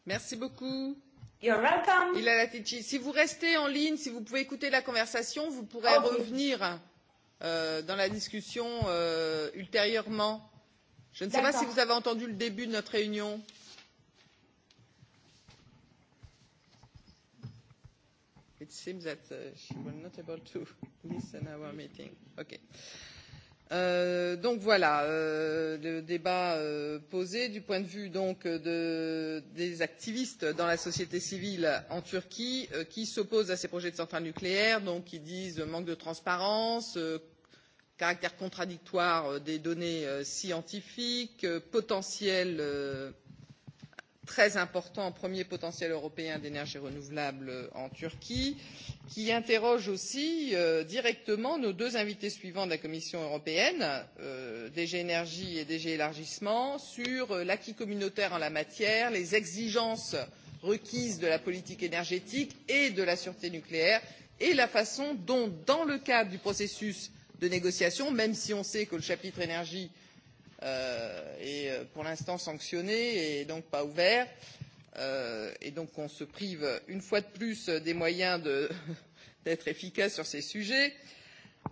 Merci beaucoup. You're welcome. Il a la si vous restez en ligne, si vous pouvez écouter la conversation, vous pourrez oh, revenir. Oui. Euh, dans la discussion euh, ultérieurement. Je ne sais pas si vous avez entendu le début de notre réunion. It seems that euh, she will not able to listen our meeting. Okay. Euh, donc voilà le euh, débat euh, posé du point de vue donc de, des activistes dans la société civile en Turquie qui s'opposent à ces projets de centrales nucléaires donc qui disent manque de transparence caractère contradictoire des données scientifiques potentiel euh, très important premier potentiel européen d'énergie renouvelable en turquie qui interroge aussi euh, directement nos deux invités suivants de la commission européenne euh, dg énergie et dg élargissement sur euh, l'acquis communautaire en la matière les exigences requises de la politique énergétique et de la sûreté nucléaire et la façon dont dans le cadre du processus de négociation même si on sait que le chapitre énergie est euh, euh, pour l'instant sanctionné et donc pas ouvert euh, et donc on se prive une fois de plus des moyens d'être de, efficace sur ces sujets.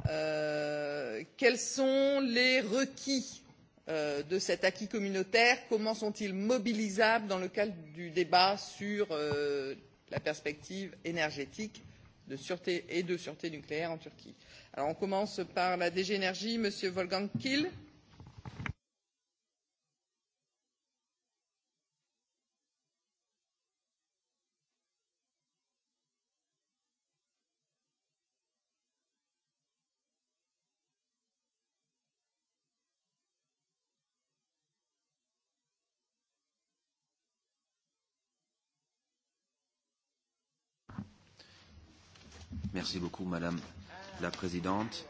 Euh, quels sont les requis euh, de cet acquis communautaire Comment sont-ils mobilisables dans le cadre du débat sur euh, la perspective énergétique de sûreté et de sûreté nucléaire en Turquie Alors on commence par la DG Énergie, Monsieur Wolfgang Kiel. Euh, Merci beaucoup, Madame la Présidente.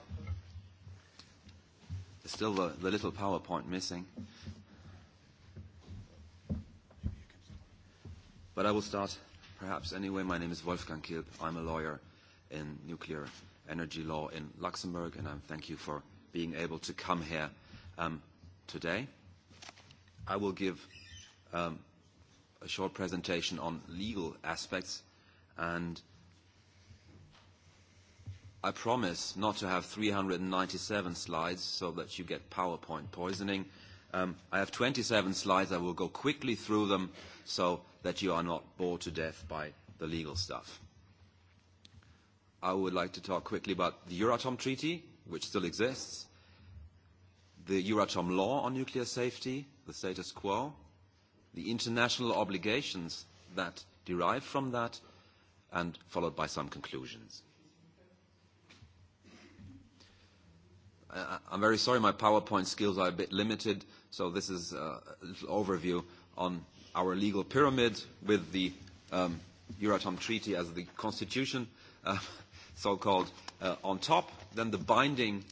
There's still the, the little PowerPoint missing. But I will start perhaps anyway. My name is Wolfgang Kilp. I'm a lawyer in nuclear energy law in Luxembourg, and I thank you for being able to come here um, today. I will give um, a short presentation on legal aspects and – I promise not to have 397 slides so that you get PowerPoint poisoning. Um, I have 27 slides. I will go quickly through them so that you are not bored to death by the legal stuff. I would like to talk quickly about the Euratom Treaty, which still exists, the Euratom Law on Nuclear Safety, the status quo, the international obligations that derive from that, and followed by some conclusions. I'm very sorry, my PowerPoint skills are a bit limited, so this is a uh, little overview on our legal pyramid with the um, Euratom Treaty as the constitution, uh, so-called, uh, on top. Then the binding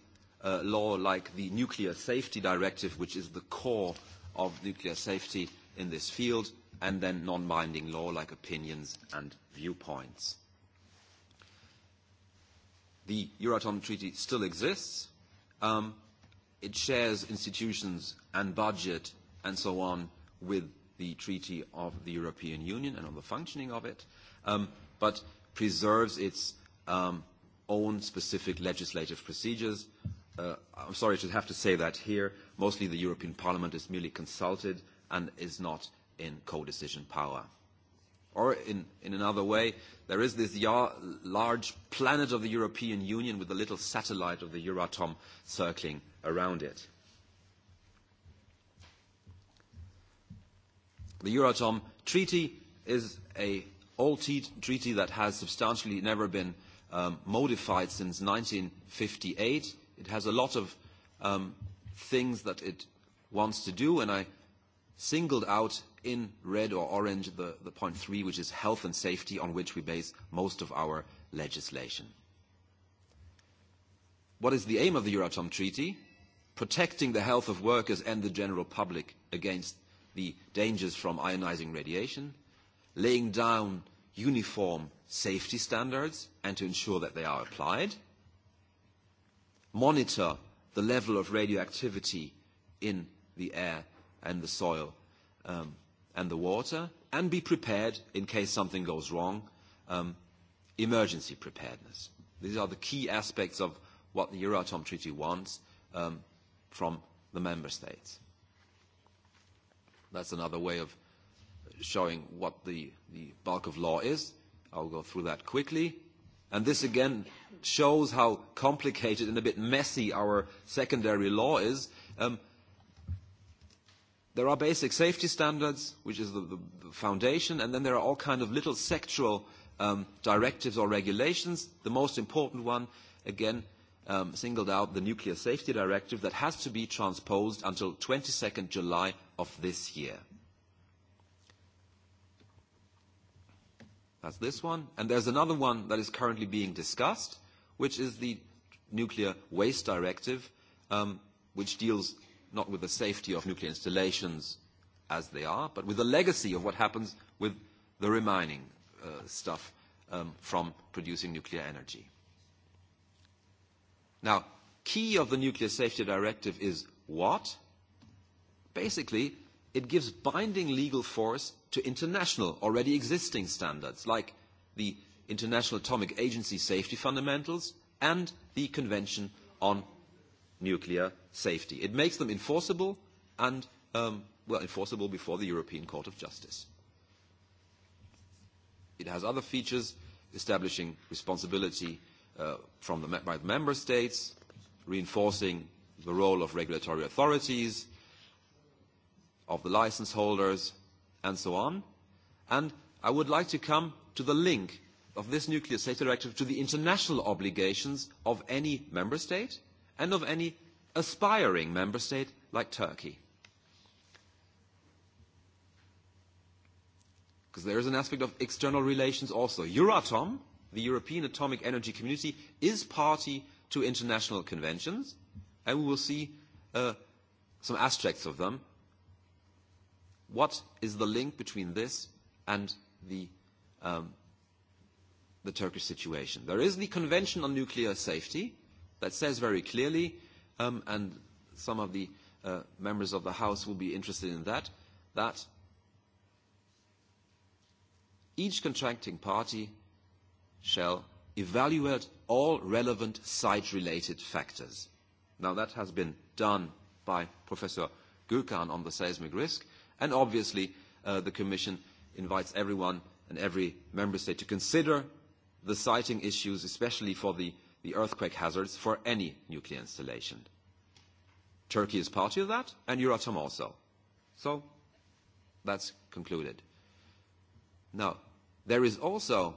law, like the Nuclear Safety Directive, which is the core of nuclear safety in this field, and then non-binding law, like opinions and viewpoints. The Euratom Treaty still exists, um, it shares institutions and budget and so on with the Treaty of the European Union and on the functioning of it, um, but preserves its um, own specific legislative procedures. Uh, I'm sorry, I should have to say that here. Mostly the European Parliament is merely consulted and is not in co-decision power. Or in, in another way, there is this yar- large planet of the European Union with a little satellite of the Euratom circling around it. The Euratom Treaty is an old te- treaty that has substantially never been um, modified since 1958. It has a lot of um, things that it wants to do, and I singled out in red or orange the, the point three, which is health and safety, on which we base most of our legislation. What is the aim of the Euratom Treaty? Protecting the health of workers and the general public against the dangers from ionizing radiation, laying down uniform safety standards and to ensure that they are applied, monitor the level of radioactivity in the air and the soil um, and the water and be prepared in case something goes wrong. Um, emergency preparedness. These are the key aspects of what the Euratom Treaty wants um, from the member states. That's another way of showing what the, the bulk of law is. I'll go through that quickly. And this again shows how complicated and a bit messy our secondary law is. Um, there are basic safety standards, which is the, the, the foundation, and then there are all kinds of little sectoral um, directives or regulations. The most important one, again, um, singled out the Nuclear Safety Directive that has to be transposed until 22nd July of this year. That's this one. And there's another one that is currently being discussed, which is the Nuclear Waste Directive, um, which deals not with the safety of nuclear installations as they are, but with the legacy of what happens with the remaining uh, stuff um, from producing nuclear energy. Now, key of the Nuclear Safety Directive is what? Basically, it gives binding legal force to international, already existing standards, like the International Atomic Agency Safety Fundamentals and the Convention on nuclear safety. It makes them enforceable and, um, well, enforceable before the European Court of Justice. It has other features, establishing responsibility uh, from the, by the member states, reinforcing the role of regulatory authorities, of the license holders, and so on. And I would like to come to the link of this nuclear safety directive to the international obligations of any member state and of any aspiring member state like Turkey. Because there is an aspect of external relations also. Euratom, the European Atomic Energy Community, is party to international conventions, and we will see uh, some aspects of them. What is the link between this and the, um, the Turkish situation? There is the Convention on Nuclear Safety, that says very clearly, um, and some of the uh, members of the House will be interested in that, that each contracting party shall evaluate all relevant site-related factors. Now that has been done by Professor Gurkhan on the seismic risk, and obviously uh, the Commission invites everyone and every member state to consider the siting issues, especially for the uh, the earthquake hazards for any nuclear installation. Turkey is party of that, and Euratom also. So that's concluded. Now, there is also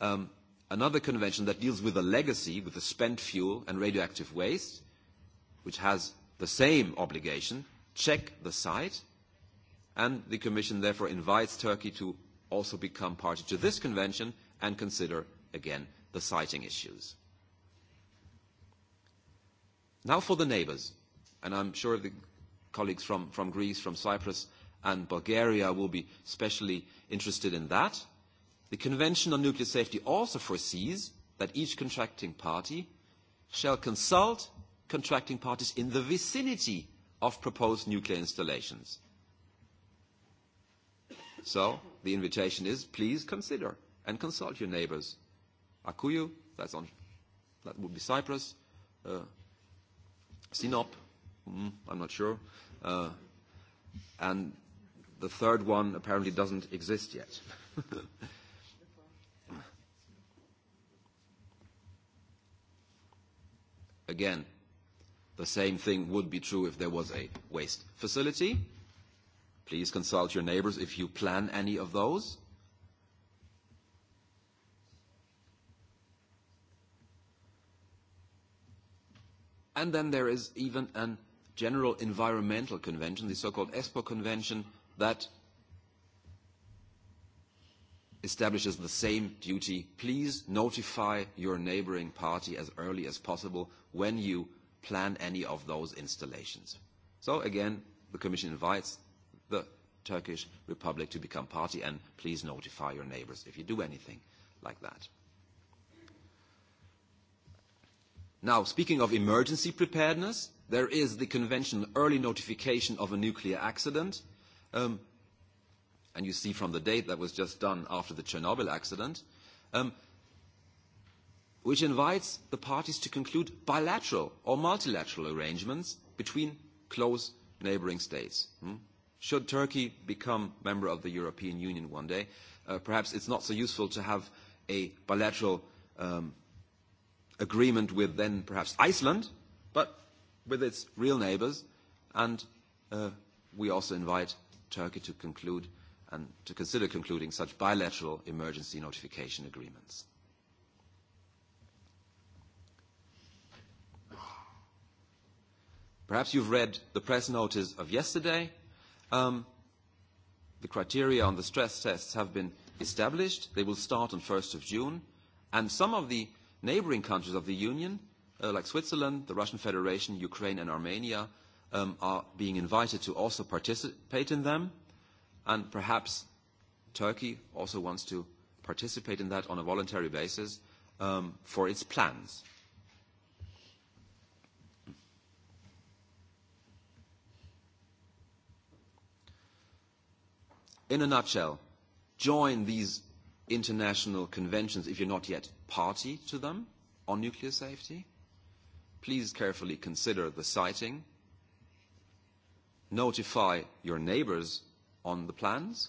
um, another convention that deals with the legacy, with the spent fuel and radioactive waste, which has the same obligation, check the site, and the Commission therefore invites Turkey to also become party to this convention and consider again the siting issues. Now for the neighbours, and I'm sure the colleagues from, from Greece, from Cyprus and Bulgaria will be specially interested in that. The Convention on Nuclear Safety also foresees that each contracting party shall consult contracting parties in the vicinity of proposed nuclear installations. So the invitation is please consider and consult your neighbours Akuyu, that's on, that would be Cyprus, uh, Sinop, mm, I'm not sure, uh, and the third one apparently doesn't exist yet. Again, the same thing would be true if there was a waste facility. Please consult your neighbors if you plan any of those. And then there is even a general environmental convention, the so-called ESPO convention, that establishes the same duty. Please notify your neighboring party as early as possible when you plan any of those installations. So again, the Commission invites the Turkish Republic to become party and please notify your neighbors if you do anything like that. Now, speaking of emergency preparedness, there is the convention early notification of a nuclear accident. Um, and you see from the date that was just done after the Chernobyl accident, um, which invites the parties to conclude bilateral or multilateral arrangements between close neighboring states. Hmm? Should Turkey become member of the European Union one day, uh, perhaps it's not so useful to have a bilateral um, agreement with then perhaps Iceland, but with its real neighbours, and uh, we also invite Turkey to conclude and to consider concluding such bilateral emergency notification agreements. Perhaps you've read the press notice of yesterday. Um, the criteria on the stress tests have been established. They will start on 1st of June. And some of the neighboring countries of the Union, uh, like Switzerland, the Russian Federation, Ukraine, and Armenia, um, are being invited to also participate in them. And perhaps Turkey also wants to participate in that on a voluntary basis um, for its plans. In a nutshell, join these international conventions if you're not yet party to them on nuclear safety. Please carefully consider the sighting. Notify your neighbors on the plans.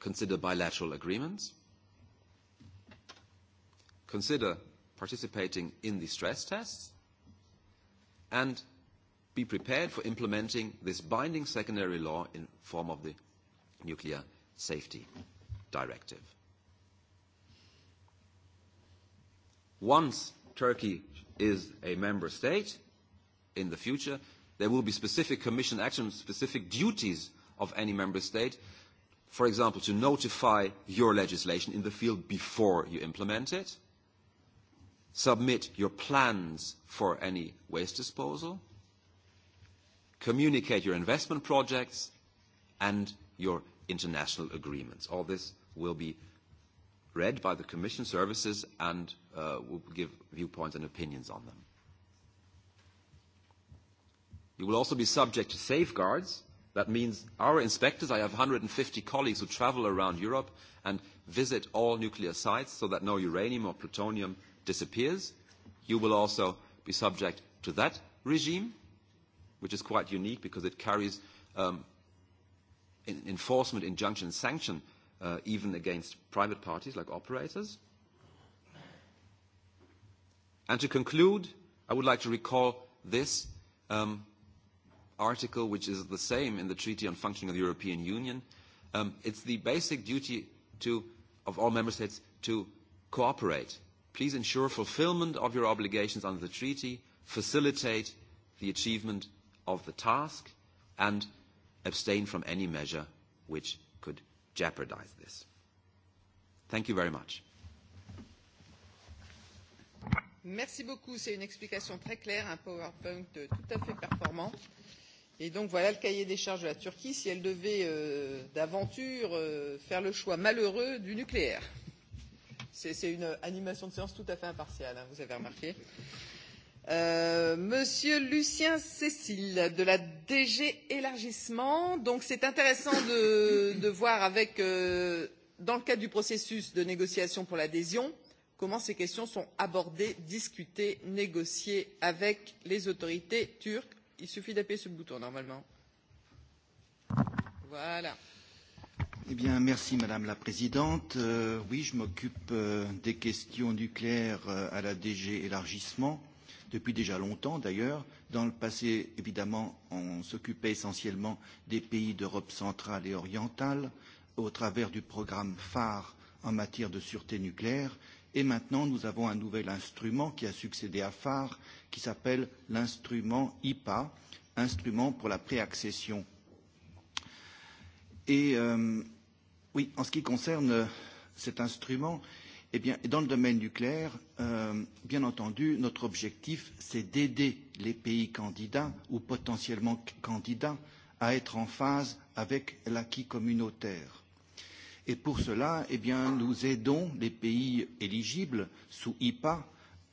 Consider bilateral agreements. Consider participating in the stress tests. And be prepared for implementing this binding secondary law in form of the Nuclear Safety Directive. Once Turkey is a member state in the future, there will be specific commission actions, specific duties of any member state, for example, to notify your legislation in the field before you implement it, submit your plans for any waste disposal, communicate your investment projects and your international agreements. All this will be read by the Commission services and uh, will give viewpoints and opinions on them. You will also be subject to safeguards. That means our inspectors, I have 150 colleagues who travel around Europe and visit all nuclear sites so that no uranium or plutonium disappears. You will also be subject to that regime, which is quite unique because it carries um, enforcement, injunction, sanction, uh, even against private parties like operators. And to conclude, I would like to recall this um, article, which is the same in the Treaty on Functioning of the European Union. Um, it's the basic duty to, of all member states to cooperate. Please ensure fulfillment of your obligations under the treaty, facilitate the achievement of the task, and abstain from any measure which could jeopardize this. Thank you very much. Merci beaucoup. C'est une explication très claire, un PowerPoint tout à fait performant. Et donc voilà le cahier des charges de la Turquie si elle devait euh, d'aventure euh, faire le choix malheureux du nucléaire. C'est une animation de séance tout à fait impartiale, hein, vous avez remarqué. Euh, Euh, Monsieur Lucien Cécile de la DG élargissement. Donc c'est intéressant de, de voir avec, euh, dans le cadre du processus de négociation pour l'adhésion, comment ces questions sont abordées, discutées, négociées avec les autorités turques. Il suffit d'appuyer ce bouton normalement. Voilà. Eh bien, merci Madame la Présidente. Euh, oui, je m'occupe euh, des questions nucléaires euh, à la DG élargissement. Euh, depuis déjà longtemps d'ailleurs. Dans le passé, évidemment, on s'occupait essentiellement des pays d'Europe centrale et orientale au travers du programme phare en matière de sûreté nucléaire. Et maintenant, nous avons un nouvel instrument qui a succédé à phare, qui s'appelle l'instrument IPA, instrument pour la préaccession. Et euh, oui, en ce qui concerne euh, cet instrument, euh, Eh bien, dans le domaine nucléaire, euh, bien entendu, notre objectif, c'est d'aider les pays candidats ou potentiellement candidats à être en phase avec l'acquis communautaire. Et pour cela, eh bien, nous aidons les pays éligibles sous IPA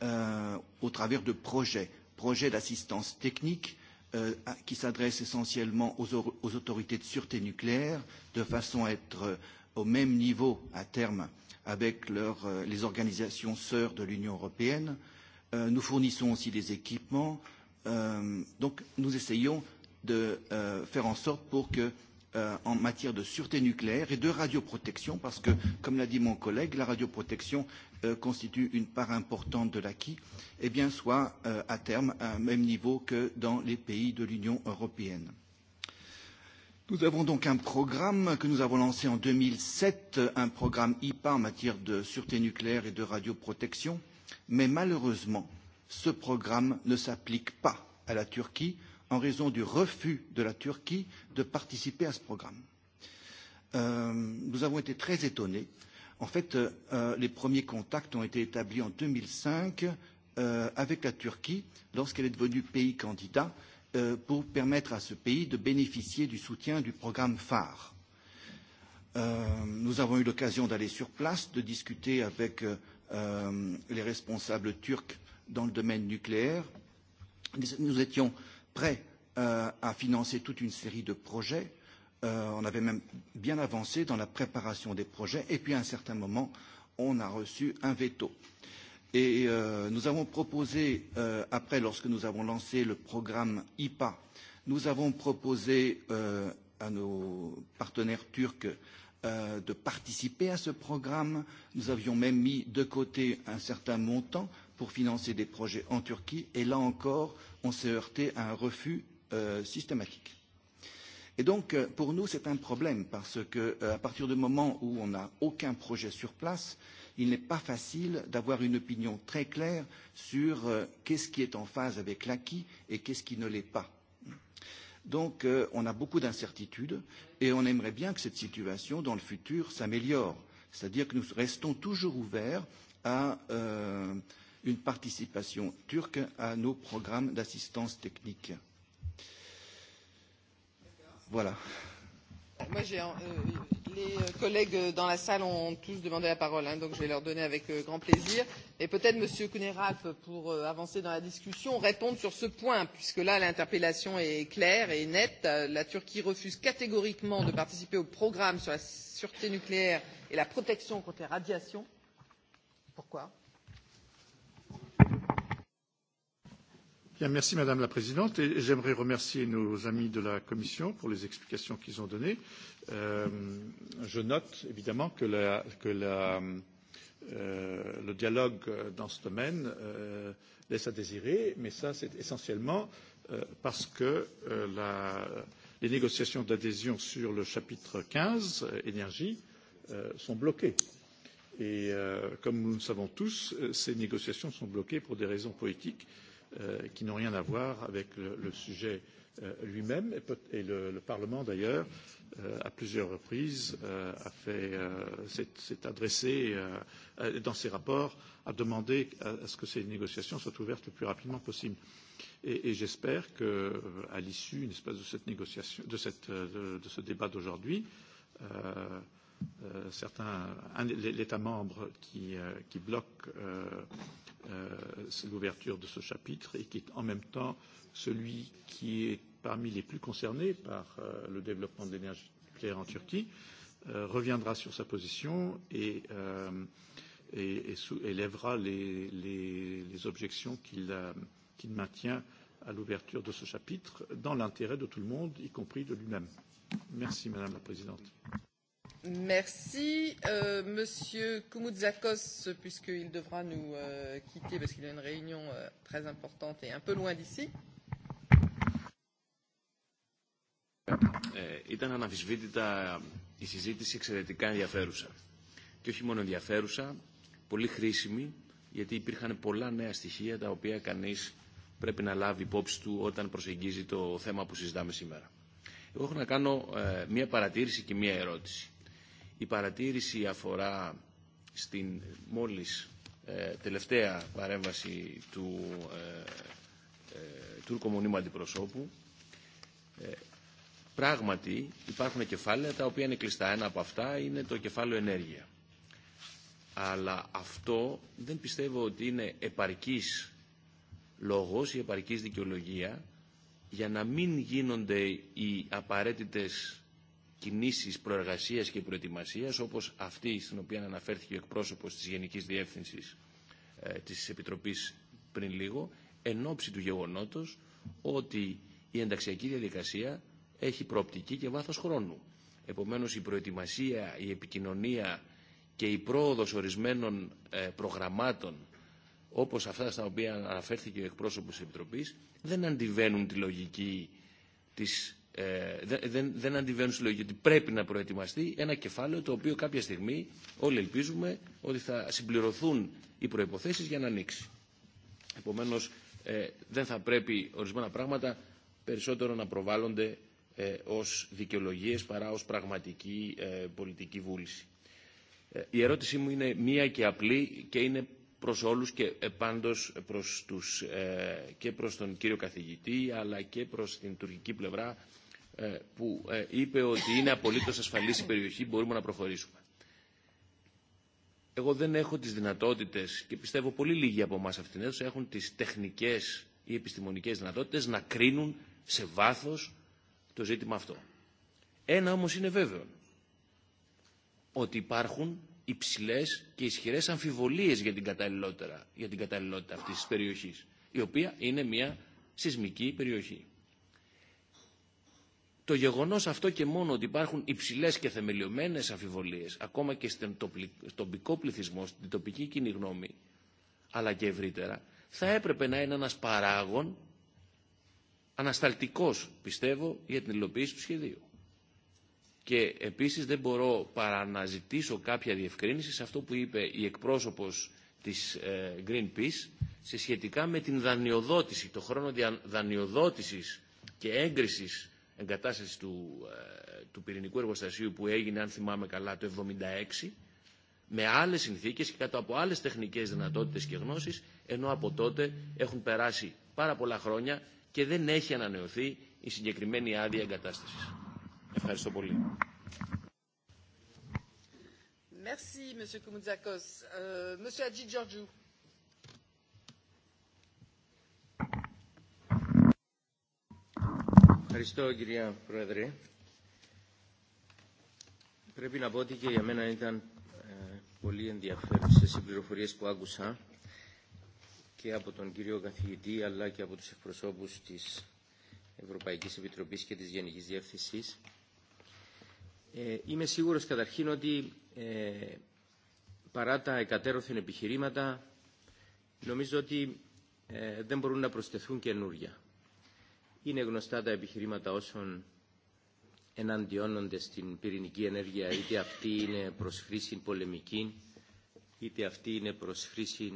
euh, au travers de projets, projets d'assistance technique euh, qui s'adressent essentiellement aux, aux autorités de sûreté nucléaire de façon à être euh, au même niveau à terme euh, avec leur, euh, les organisations sœurs de l'Union européenne. Euh, nous fournissons aussi des équipements. Euh, donc nous essayons de euh, faire en sorte pour que, euh, en matière de sûreté nucléaire et de radioprotection, parce que, comme l'a dit mon collègue, la radioprotection euh, constitue une part importante de l'acquis, eh bien, soit euh, à terme à même niveau que dans les pays de l'Union européenne. Nous avons donc un programme que nous avons lancé en 2007, un programme IPA en matière de sûreté nucléaire et de radioprotection. Mais malheureusement, ce programme ne s'applique pas à la Turquie en raison du refus de la Turquie de participer à ce programme. Euh, nous avons été très étonnés. En fait, euh, euh les premiers contacts ont été établis en 2005 euh, avec la Turquie lorsqu'elle est devenue pays candidat euh, Euh, pour permettre à ce pays de bénéficier du soutien du programme phare. Euh, nous avons eu l'occasion d'aller sur place, de discuter avec euh, euh les responsables turcs dans le domaine nucléaire. Nous étions prêts euh, à financer toute une série de projets. Euh, on avait même bien avancé dans la préparation des projets. Et puis, à un certain moment, on a reçu un veto. Euh, Et euh, nous avons proposé, euh, après, lorsque nous avons lancé le programme IPA, nous avons proposé euh, à nos partenaires turcs euh, de participer à ce programme. Nous avions même mis de côté un certain montant pour financer des projets en Turquie. Et là encore, on s'est heurté à un refus euh, systématique. Et donc, euh, pour nous, c'est un problème, parce qu'à euh, partir du moment où on n'a aucun projet sur place, euh, il n'est pas facile d'avoir une opinion très claire sur euh, qu'est-ce qui est en phase avec l'acquis et qu'est-ce qui ne l'est pas. Donc euh, on a beaucoup d'incertitudes et on aimerait bien que cette situation dans le futur s'améliore, c'est-à-dire que nous restons toujours ouverts à euh, une participation turque à nos programmes d'assistance technique. Voilà. Moi, j'ai, euh, les euh, collègues euh, dans la salle ont tous demandé la parole donc je vais leur donner avec euh, grand plaisir et peut être monsieur kounerab pour avancer dans la discussion répondre sur ce point puisque là l'interpellation est claire et nette la turquie refuse catégoriquement de participer au programme sur la sûreté nucléaire et la protection contre les radiations. pourquoi? Merci madame la présidente et j'aimerais remercier nos amis de la commission pour les explications qu'ils ont données. Euh, je note évidemment que, la, que la, euh, le dialogue dans ce domaine euh, laisse à désirer, mais ça c'est essentiellement parce que la, les négociations d'adhésion sur le chapitre 15 énergie sont bloquées. Et comme nous le savons tous, ces négociations sont bloquées pour des raisons politiques. Euh, qui n'ont rien à voir avec le, le sujet euh, lui-même. Et, peut, et le, le Parlement, d'ailleurs, euh, à plusieurs reprises, euh, a fait, euh, s'est adressé euh, dans ses rapports, a demandé à, à ce que ces négociations soient ouvertes le plus rapidement possible. Et, et j'espère qu'à euh, l'issue de cette négociation, de, cette, euh, de, de ce débat d'aujourd'hui, euh, Euh, certains l'État membre qui, euh, qui bloque euh, euh, l'ouverture de ce chapitre et qui est en même temps celui qui est parmi les plus concernés par euh, le développement de l'énergie nucléaire en Turquie euh, reviendra sur sa position et, euh, et, et sous, élèvera les, les, les objections qu'il euh, qu maintient à l'ouverture de ce chapitre dans l'intérêt de tout le monde, y compris de lui-même. Merci Madame la Présidente. Merci. Euh, monsieur Koumoudzakos, puisqu'il devra nous euh, quitter parce qu'il a une réunion euh, très importante et un peu loin d'ici. Ήταν αναμφισβήτητα η συζήτηση εξαιρετικά ενδιαφέρουσα. Και όχι μόνο ενδιαφέρουσα, πολύ χρήσιμη, γιατί υπήρχαν πολλά νέα στοιχεία τα οποία κανείς πρέπει να λάβει υπόψη του όταν προσεγγίζει το θέμα που συζητάμε σήμερα. Εγώ έχω να κάνω ε, μία παρατήρηση και μία ερώτηση. Η παρατήρηση αφορά στην μόλις ε, τελευταία παρέμβαση του ε, ε, Τούρκου Μονίμου Αντιπροσώπου. Ε, πράγματι υπάρχουν κεφάλαια τα οποία είναι κλειστά. Ένα από αυτά είναι το κεφάλαιο ενέργεια. Αλλά αυτό δεν πιστεύω ότι είναι επαρκής λόγος ή επαρκής δικαιολογία για να μην γίνονται οι απαραίτητες κινήσεις προεργασίας και προετοιμασίας όπως αυτή στην οποία αναφέρθηκε ο εκπρόσωπος της Γενικής Διεύθυνσης ε, της Επιτροπής πριν λίγο εν ώψη του γεγονότος ότι η ενταξιακή διαδικασία έχει προοπτική και βάθος χρόνου. Επομένως η προετοιμασία, η επικοινωνία και η πρόοδος ορισμένων ε, προγραμμάτων όπως αυτά στα οποία αναφέρθηκε ο εκπρόσωπος της Επιτροπής δεν αντιβαίνουν τη λογική της ε, δεν, δεν αντιβαίνουν στη λογική ότι πρέπει να προετοιμαστεί ένα κεφάλαιο το οποίο κάποια στιγμή όλοι ελπίζουμε ότι θα συμπληρωθούν οι προϋποθέσεις για να ανοίξει. Επομένως, ε, δεν θα πρέπει ορισμένα πράγματα περισσότερο να προβάλλονται ε, ως δικαιολογίες παρά ως πραγματική ε, πολιτική βούληση. Ε, η ερώτησή μου είναι μία και απλή και είναι προς όλους και πάντως προς τους, ε, και προς τον κύριο καθηγητή αλλά και προς την τουρκική πλευρά που είπε ότι είναι απολύτως ασφαλής η περιοχή, μπορούμε να προχωρήσουμε. Εγώ δεν έχω τις δυνατότητες και πιστεύω πολύ λίγοι από εμάς αυτήν την έχουν τις τεχνικές ή επιστημονικές δυνατότητες να κρίνουν σε βάθος το ζήτημα αυτό. Ένα όμως είναι βέβαιο ότι υπάρχουν υψηλές και ισχυρές αμφιβολίες για την, για την κατάλληλότητα αυτής της περιοχής, η οποία είναι μια σεισμική περιοχή το γεγονός αυτό και μόνο ότι υπάρχουν υψηλές και θεμελιωμένες αμφιβολίες ακόμα και στον τοπικό πληθυσμό, στην τοπική κοινή γνώμη αλλά και ευρύτερα θα έπρεπε να είναι ένας παράγων ανασταλτικός πιστεύω για την υλοποίηση του σχεδίου. Και επίσης δεν μπορώ παρά να ζητήσω κάποια διευκρίνηση σε αυτό που είπε η εκπρόσωπος της Greenpeace σε σχετικά με την δανειοδότηση, το χρόνο δανειοδότησης και έγκρισης εγκατάσταση του, του πυρηνικού εργοστασίου που έγινε, αν θυμάμαι καλά, το 1976, με άλλες συνθήκες και κάτω από άλλες τεχνικές δυνατότητες και γνώσεις, ενώ από τότε έχουν περάσει πάρα πολλά χρόνια και δεν έχει ανανεωθεί η συγκεκριμένη άδεια εγκατάστασης. Ευχαριστώ πολύ. Merci, monsieur Koumoudzakos. Euh, monsieur Adji Georgiou. Ευχαριστώ κυρία Πρόεδρε. Πρέπει να πω ότι και για μένα ήταν ε, πολύ ενδιαφέρουσες οι πληροφορίες που άκουσα και από τον κύριο καθηγητή αλλά και από τους εκπροσώπους της Ευρωπαϊκής Επιτροπής και της Γενικής Διεύθυνσης. Ε, είμαι σίγουρος καταρχήν ότι ε, παρά τα εκατέρωθεν επιχειρήματα νομίζω ότι ε, δεν μπορούν να προσθεθούν καινούρια. Είναι γνωστά τα επιχειρήματα όσων εναντιώνονται στην πυρηνική ενέργεια, είτε αυτή είναι προς χρήση πολεμική, είτε αυτή είναι προς χρήση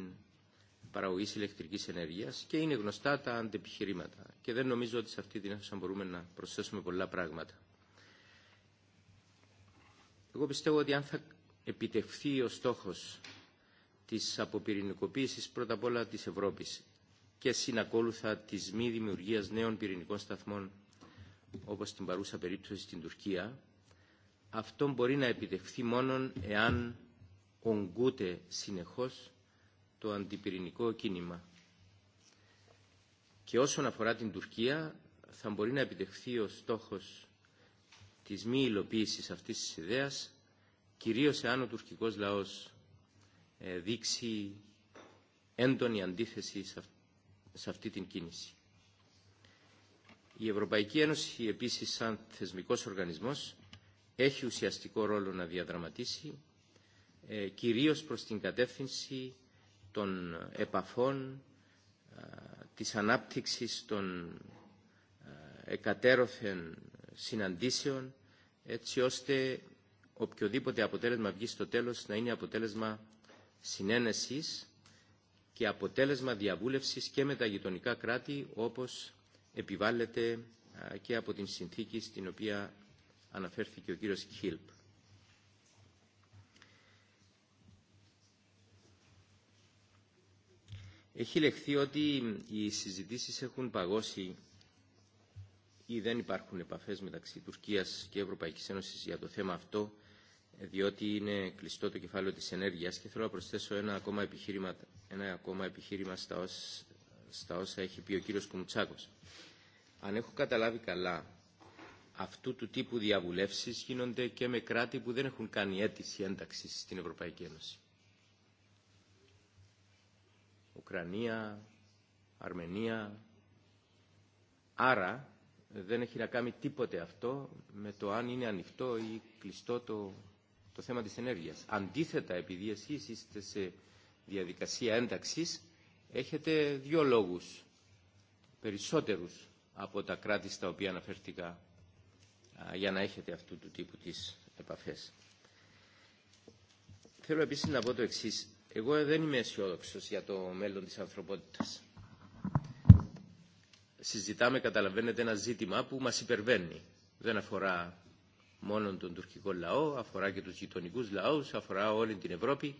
παραγωγής ηλεκτρικής ενέργειας και είναι γνωστά τα αντεπιχειρήματα. Και δεν νομίζω ότι σε αυτή την αίθουσα μπορούμε να προσθέσουμε πολλά πράγματα. Εγώ πιστεύω ότι αν θα επιτευχθεί ο στόχος της αποπυρηνικοποίησης πρώτα απ' όλα της Ευρώπης και συνακόλουθα της μη δημιουργίας νέων πυρηνικών σταθμών όπως την παρούσα περίπτωση στην Τουρκία, αυτό μπορεί να επιτευχθεί μόνον εάν ογκούται συνεχώς το αντιπυρηνικό κίνημα. Και όσον αφορά την Τουρκία, θα μπορεί να επιτευχθεί ο στόχος της μη υλοποίηση αυτής της ιδέας, κυρίως εάν ο τουρκικός λαός δείξει έντονη αντίθεση σε αυτό σε αυτή την κίνηση. Η Ευρωπαϊκή Ένωση, επίσης σαν θεσμικός οργανισμός, έχει ουσιαστικό ρόλο να διαδραματίσει, ε, κυρίως προς την κατεύθυνση των επαφών, ε, της ανάπτυξης των ε, εκατέρωθεν συναντήσεων, έτσι ώστε οποιοδήποτε αποτέλεσμα βγει στο τέλος να είναι αποτέλεσμα συνένεσης και αποτέλεσμα διαβούλευσης και με τα γειτονικά κράτη όπως επιβάλλεται και από την συνθήκη στην οποία αναφέρθηκε ο κύριος Χίλπ. Έχει λεχθεί ότι οι συζητήσεις έχουν παγώσει ή δεν υπάρχουν επαφές μεταξύ Τουρκίας και Ευρωπαϊκής Ένωσης για το θέμα αυτό, διότι είναι κλειστό το κεφάλαιο της ενέργειας και θέλω να προσθέσω ένα ακόμα επιχείρημα, ένα ακόμα επιχείρημα στα, ως, στα όσα έχει πει ο κύριος Κουμουτσάκος. Αν έχω καταλάβει καλά, αυτού του τύπου διαβουλεύσεις γίνονται και με κράτη που δεν έχουν κάνει αίτηση ένταξη στην Ευρωπαϊκή Ένωση. Ουκρανία, Αρμενία. Άρα δεν έχει να κάνει τίποτε αυτό με το αν είναι ανοιχτό ή κλειστό το το θέμα της ενέργειας. Αντίθετα, επειδή εσείς είστε σε διαδικασία ένταξης, έχετε δύο λόγους περισσότερους από τα κράτη στα οποία αναφέρθηκα για να έχετε αυτού του τύπου τις επαφές. Θέλω επίσης να πω το εξής. Εγώ δεν είμαι αισιόδοξο για το μέλλον της ανθρωπότητας. Συζητάμε, καταλαβαίνετε, ένα ζήτημα που μας υπερβαίνει. Δεν αφορά μόνο τον τουρκικό λαό, αφορά και τους γειτονικού λαούς, αφορά όλη την Ευρώπη.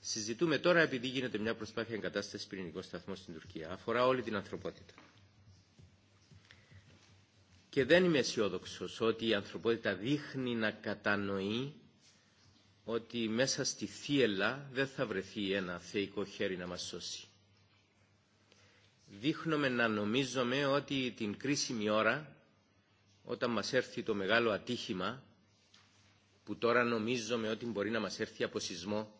Συζητούμε τώρα επειδή γίνεται μια προσπάθεια εγκατάσταση πυρηνικού σταθμού στην Τουρκία. Αφορά όλη την ανθρωπότητα. Και δεν είμαι αισιόδοξο ότι η ανθρωπότητα δείχνει να κατανοεί ότι μέσα στη θύελα δεν θα βρεθεί ένα θεϊκό χέρι να μας σώσει. Δείχνουμε να νομίζουμε ότι την κρίσιμη ώρα όταν μας έρθει το μεγάλο ατύχημα που τώρα νομίζουμε ότι μπορεί να μας έρθει από σεισμό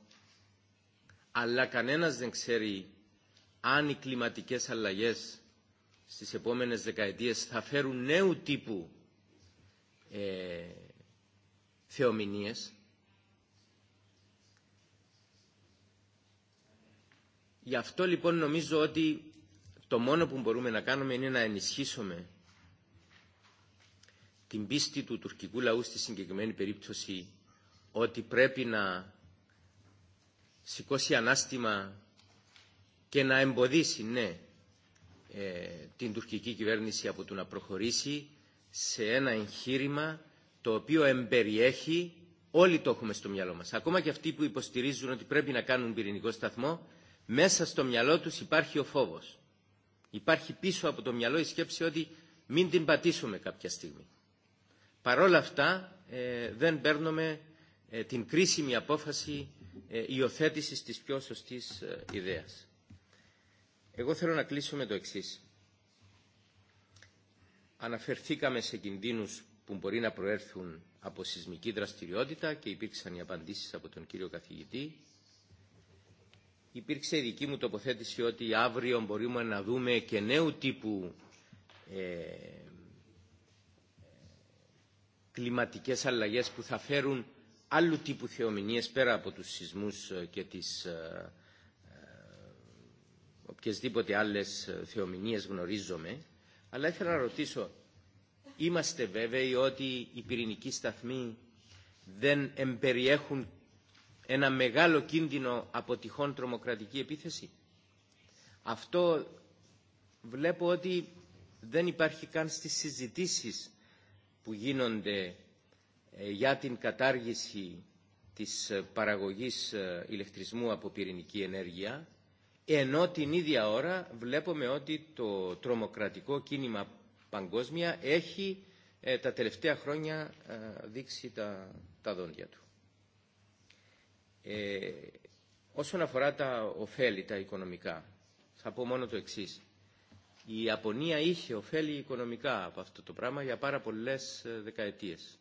αλλά κανένας δεν ξέρει αν οι κλιματικές αλλαγές στις επόμενες δεκαετίες θα φέρουν νέου τύπου ε, θεομηνίες γι' αυτό λοιπόν νομίζω ότι το μόνο που μπορούμε να κάνουμε είναι να ενισχύσουμε την πίστη του τουρκικού λαού στη συγκεκριμένη περίπτωση ότι πρέπει να σηκώσει ανάστημα και να εμποδίσει, ναι, ε, την τουρκική κυβέρνηση από το να προχωρήσει σε ένα εγχείρημα το οποίο εμπεριέχει, όλοι το έχουμε στο μυαλό μας, ακόμα και αυτοί που υποστηρίζουν ότι πρέπει να κάνουν πυρηνικό σταθμό, μέσα στο μυαλό τους υπάρχει ο φόβος. Υπάρχει πίσω από το μυαλό η σκέψη ότι μην την πατήσουμε κάποια στιγμή παρόλα αυτά ε, δεν παίρνουμε ε, την κρίσιμη απόφαση ε, υιοθέτηση της πιο σωστής ε, ιδέας. Εγώ θέλω να κλείσω με το εξής. Αναφερθήκαμε σε κινδύνους που μπορεί να προέρθουν από σεισμική δραστηριότητα και υπήρξαν οι απαντήσεις από τον κύριο καθηγητή. Υπήρξε η δική μου τοποθέτηση ότι αύριο μπορούμε να δούμε και νέου τύπου ε, κλιματικές αλλαγές που θα φέρουν άλλου τύπου θεομηνίες πέρα από τους σεισμούς και τις ε, ε, οποιασδήποτε άλλες θεομηνίες γνωρίζομαι. Αλλά ήθελα να ρωτήσω, είμαστε βέβαιοι ότι οι πυρηνικοί σταθμοί δεν εμπεριέχουν ένα μεγάλο κίνδυνο από τυχόν τρομοκρατική επίθεση. Αυτό βλέπω ότι δεν υπάρχει καν στις συζητήσεις που γίνονται για την κατάργηση της παραγωγής ηλεκτρισμού από πυρηνική ενέργεια ενώ την ίδια ώρα βλέπουμε ότι το τρομοκρατικό κίνημα παγκόσμια έχει ε, τα τελευταία χρόνια ε, δείξει τα, τα δόντια του. Ε, όσον αφορά τα ωφέλη, τα οικονομικά, θα πω μόνο το εξής η Ιαπωνία είχε ωφέλη οικονομικά από αυτό το πράγμα για πάρα πολλές δεκαετίες.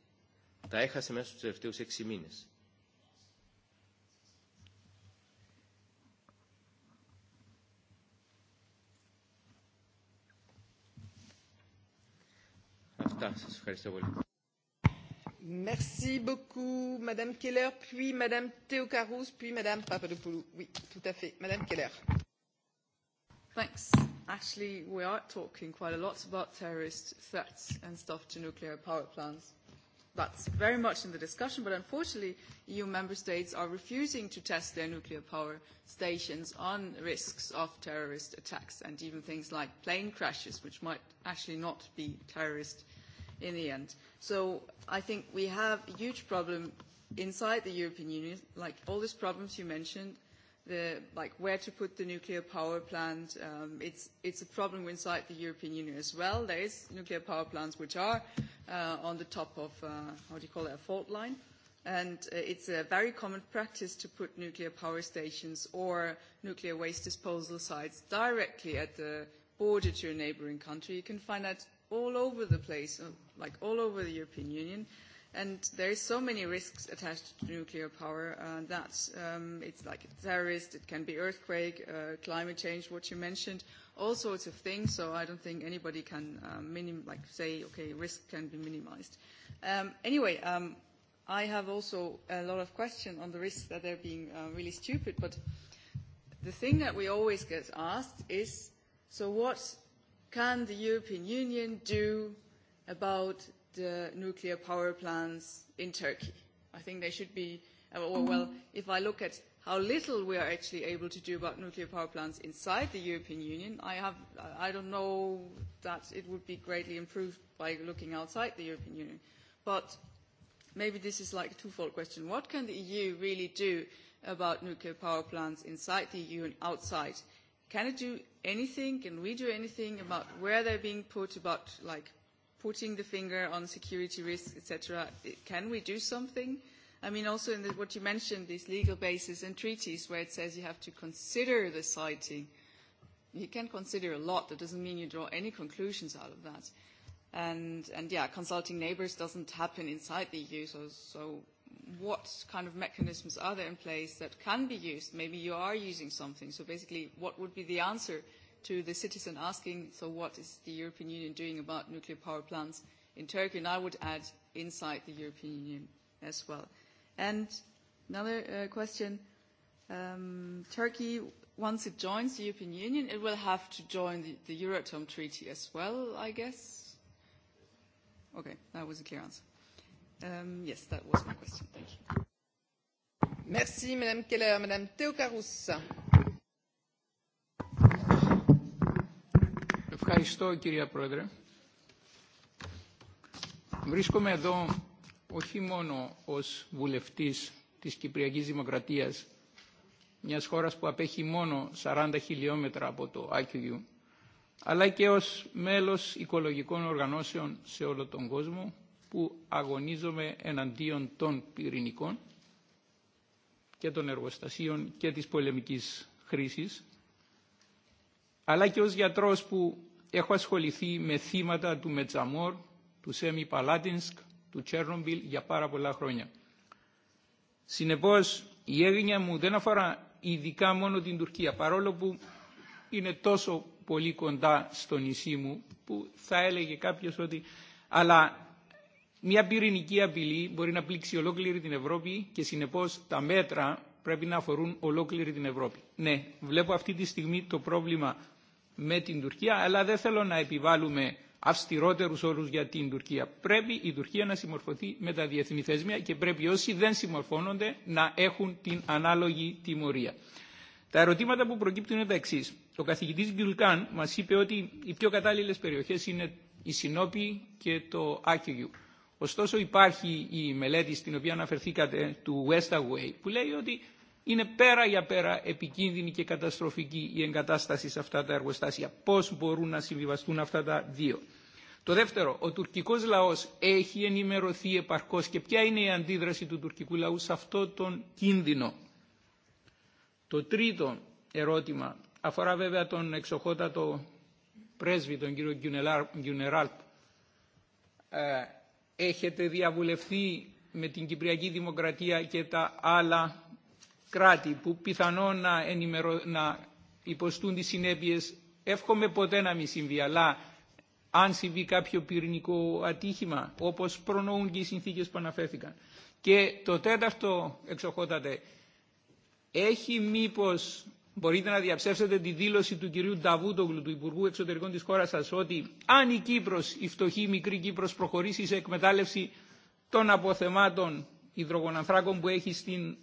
Τα έχασε μέσα στους τελευταίους έξι μήνες. Αυτά. Σας ευχαριστώ πολύ. Merci beaucoup, Madame Keller, puis Madame Theocarous, puis Madame Papadopoulou. Oui, tout à fait, Madame Keller. Thanks actually, we are talking quite a lot about terrorist threats and stuff to nuclear power plants. That's very much in the discussion, but unfortunately, EU member states are refusing to test their nuclear power stations on risks of terrorist attacks and even things like plane crashes, which might actually not be terrorist in the end. So I think we have a huge problem inside the European Union, like all these problems you mentioned, the, like where to put the nuclear power plant. Um, it's, it's a problem inside the European Union as well. There is nuclear power plants which are uh, on the top of, uh, how do you call it, a fault line. And uh, it's a very common practice to put nuclear power stations or nuclear waste disposal sites directly at the border to a neighboring country. You can find that all over the place, uh, like all over the European Union. And there is so many risks attached to nuclear power uh, that um, it's like a terrorist, it can be earthquake, uh, climate change, what you mentioned, all sorts of things. So I don't think anybody can uh, minim like say, okay, risk can be minimized. Um, anyway, um, I have also a lot of questions on the risks that they're being uh, really stupid. But the thing that we always get asked is, so what can the European Union do about the nuclear power plants in Turkey. I think they should be, uh, well, well, if I look at how little we are actually able to do about nuclear power plants inside the European Union, I, have, I don't know that it would be greatly improved by looking outside the European Union. But maybe this is like a twofold question. What can the EU really do about nuclear power plants inside the EU and outside? Can it do anything? Can we do anything about where they're being put, about like putting the finger on security risks, etc. Can we do something? I mean, also in the, what you mentioned, these legal bases and treaties where it says you have to consider the sighting. You can consider a lot. That doesn't mean you draw any conclusions out of that. And, and yeah, consulting neighbors doesn't happen inside the EU. So, so what kind of mechanisms are there in place that can be used? Maybe you are using something. So basically, what would be the answer to the citizen asking, so what is the European Union doing about nuclear power plants in Turkey? And I would add inside the European Union as well. And another uh, question, um, Turkey, once it joins the European Union, it will have to join the, the Euratom Treaty as well, I guess. Okay, that was a clear answer. Um, yes, that was my question. Thank you. Merci, Madame Keller. Madame Theocarus. Ευχαριστώ κυρία Πρόεδρε. Βρίσκομαι εδώ όχι μόνο ως βουλευτής της Κυπριακής Δημοκρατίας, μιας χώρας που απέχει μόνο 40 χιλιόμετρα από το Άκυγιου, αλλά και ως μέλος οικολογικών οργανώσεων σε όλο τον κόσμο που αγωνίζομαι εναντίον των πυρηνικών και των εργοστασίων και της πολεμικής χρήσης αλλά και ως γιατρός που έχω ασχοληθεί με θύματα του Μετζαμόρ, του Σέμι Παλάτινσκ, του Τσέρνομπιλ για πάρα πολλά χρόνια. Συνεπώς, η έγνοια μου δεν αφορά ειδικά μόνο την Τουρκία, παρόλο που είναι τόσο πολύ κοντά στο νησί μου, που θα έλεγε κάποιος ότι... Αλλά μια πυρηνική απειλή μπορεί να πλήξει ολόκληρη την Ευρώπη και συνεπώς τα μέτρα πρέπει να αφορούν ολόκληρη την Ευρώπη. Ναι, βλέπω αυτή τη στιγμή το πρόβλημα με την Τουρκία, αλλά δεν θέλω να επιβάλλουμε αυστηρότερους όρους για την Τουρκία. Πρέπει η Τουρκία να συμμορφωθεί με τα διεθνή θέσμια και πρέπει όσοι δεν συμμορφώνονται να έχουν την ανάλογη τιμωρία. Τα ερωτήματα που προκύπτουν είναι τα εξή. Ο καθηγητή Γκιουλκάν μα είπε ότι οι πιο κατάλληλε περιοχέ είναι η Σινόπη και το Άκυγιου. Ωστόσο υπάρχει η μελέτη στην οποία αναφερθήκατε του Westaway που λέει ότι Είναι πέρα για πέρα επικίνδυνη και καταστροφική η εγκατάσταση σε αυτά τα εργοστάσια. Πώς μπορούν να συμβιβαστούν αυτά τα δύο. Το δεύτερο, ο τουρκικός λαός έχει ενημερωθεί επαρκώς και ποια είναι η αντίδραση του τουρκικού λαού σε αυτό τον κίνδυνο. Το τρίτο ερώτημα αφορά βέβαια τον εξοχότατο πρέσβη, τον κύριο Γκιουνεράλπ. Ε, έχετε διαβουλευτεί με την Κυπριακή Δημοκρατία και τα άλλα κράτη που πιθανό να, ενημερω... να υποστούν τις συνέπειες εύχομαι ποτέ να μην συμβεί αλλά αν συμβεί κάποιο πυρηνικό ατύχημα όπως προνοούν και οι συνθήκες που αναφέρθηκαν. Και το τέταρτο εξοχότατε έχει μήπως μπορείτε να διαψεύσετε τη δήλωση του κυρίου Νταβούτογλου του Υπουργού Εξωτερικών της χώρας σας ότι αν η Κύπρος, η φτωχή μικρή Κύπρος προχωρήσει σε εκμετάλλευση των αποθεμάτων υδρογονανθράκων που έχει στην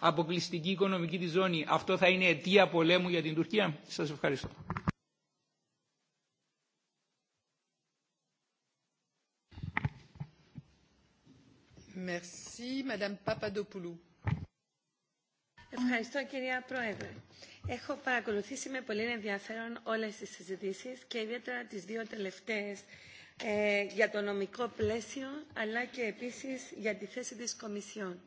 αποκλειστική οικονομική της ζώνη αυτό θα είναι αιτία πολέμου για την Τουρκία. Σας ευχαριστώ. Merci, Madame Papadopoulou. Ευχαριστώ κυρία Πρόεδρε. Έχω παρακολουθήσει με πολύ ενδιαφέρον όλες τις συζητήσεις και ιδιαίτερα τις δύο τελευταίες ε, για το νομικό πλαίσιο αλλά και επίσης για τη θέση της Κομισιόν.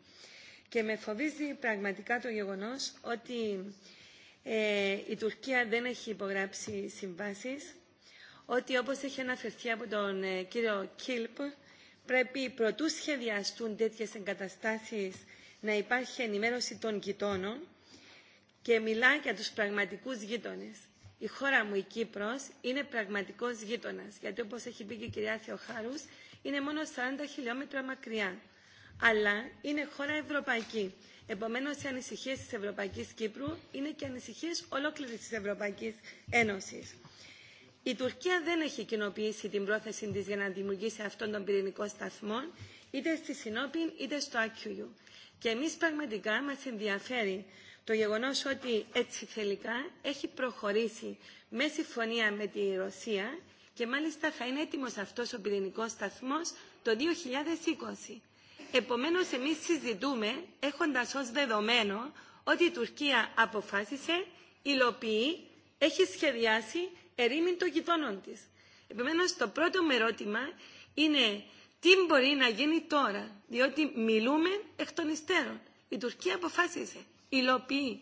Και με φοβίζει πραγματικά το γεγονός ότι ε, η Τουρκία δεν έχει υπογράψει συμβάσεις, ότι όπως έχει αναφερθεί από τον ε, κύριο Κίλπ, πρέπει προτού σχεδιαστούν τέτοιες εγκαταστάσεις να υπάρχει ενημέρωση των γειτόνων και μιλά για τους πραγματικούς γείτονες. Η χώρα μου, η Κύπρος, είναι πραγματικός γείτονας, γιατί όπως έχει πει και η κυρία Θεοχάρους, είναι μόνο 40 χιλιόμετρα μακριά αλλά είναι χώρα ευρωπαϊκή. Επομένως, οι ανησυχίες της Ευρωπαϊκής Κύπρου είναι και ανησυχίες ολόκληρης της Ευρωπαϊκής Ένωσης. Η Τουρκία δεν έχει κοινοποιήσει την πρόθεση της για να δημιουργήσει αυτόν τον πυρηνικό σταθμό, είτε στη Συνόπιν είτε στο ΑΚΙΟΥ. Και εμείς πραγματικά μας ενδιαφέρει το γεγονός ότι έτσι θελικά έχει προχωρήσει με συμφωνία με τη Ρωσία και μάλιστα θα είναι έτοιμος αυτός ο πυρηνικός σταθμός το 2020. Επομένως, εμείς συζητούμε, έχοντας ως δεδομένο, ότι η Τουρκία αποφάσισε, υλοποιεί, έχει σχεδιάσει ερήμην των γειτόνων της. Επομένως, το πρώτο μου ερώτημα είναι τι μπορεί να γίνει τώρα, διότι μιλούμε εκ των υστέρων. Η Τουρκία αποφάσισε, υλοποιεί.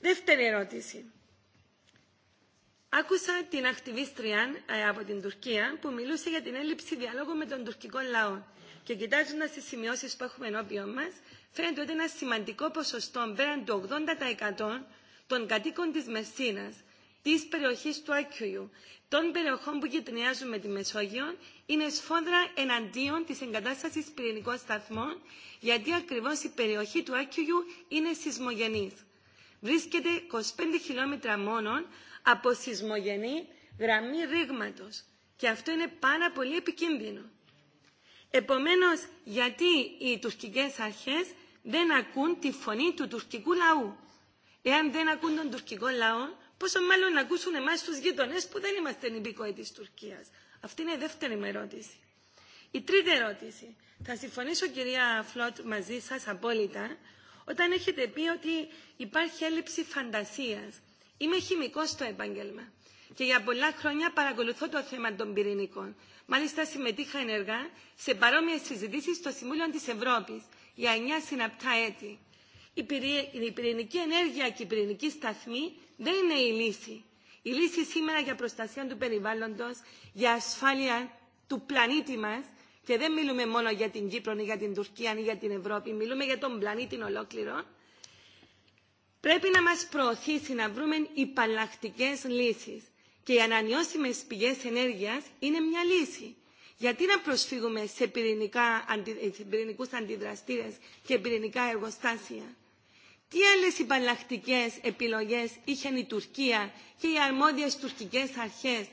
Δεύτερη ερώτηση. Άκουσα την ακτιβίστρια από την Τουρκία που μιλούσε για την έλλειψη διάλογου με τον τουρκικό λαό. Και κοιτάζοντα τι σημειώσει που έχουμε ενώπιον μα, φαίνεται ότι ένα σημαντικό ποσοστό, πέραν του 80% των κατοίκων τη Μεσίνα, τη περιοχή του Άκιου, των περιοχών που γειτονιάζουν με τη Μεσόγειο, είναι σφόδρα εναντίον τη εγκατάσταση πυρηνικών σταθμών, γιατί ακριβώ η περιοχή του Άκιου είναι σεισμογενή. Βρίσκεται 25 χιλιόμετρα μόνον από σεισμογενή γραμμή ρήγματος. Και αυτό είναι πάρα πολύ επικίνδυνο. Επομένως, γιατί οι τουρκικές αρχές δεν ακούν τη φωνή του τουρκικού λαού. Εάν δεν ακούν τον τουρκικό λαό, πόσο μάλλον να ακούσουν εμάς τους γείτονες που δεν είμαστε νηπικοί της Τουρκίας. Αυτή είναι η δεύτερη μου ερώτηση. Η τρίτη ερώτηση. Θα συμφωνήσω, κυρία Φλότ, μαζί σας απόλυτα, όταν έχετε πει ότι υπάρχει έλλειψη φαντασίας. Είμαι χημικό στο επάγγελμα και για πολλά χρόνια παρακολουθώ το θέμα των πυρηνικών. Μάλιστα, συμμετείχα ενεργά σε παρόμοιε συζητήσει στο Συμβούλιο τη Ευρώπη για εννιά συναπτά έτη. Η, πυρη... η πυρηνική ενέργεια και η πυρηνική σταθμή δεν είναι η λύση. Η λύση σήμερα για προστασία του περιβάλλοντο, για ασφάλεια του πλανήτη μα, και δεν μιλούμε μόνο για την Κύπρο ή για την Τουρκία ή για την Ευρώπη, μιλούμε για τον πλανήτη ολόκληρο, Πρέπει να μας προωθήσει να βρούμε υπαλλακτικές λύσεις. Και οι ανανεώσιμες πηγές ενέργειας είναι μια λύση. Γιατί να προσφύγουμε σε, σε πυρηνικούς αντιδραστήρες και πυρηνικά εργοστάσια. Τι άλλες υπαλλακτικές επιλογές είχαν η Τουρκία και οι αρμόδιες τουρκικές αρχές.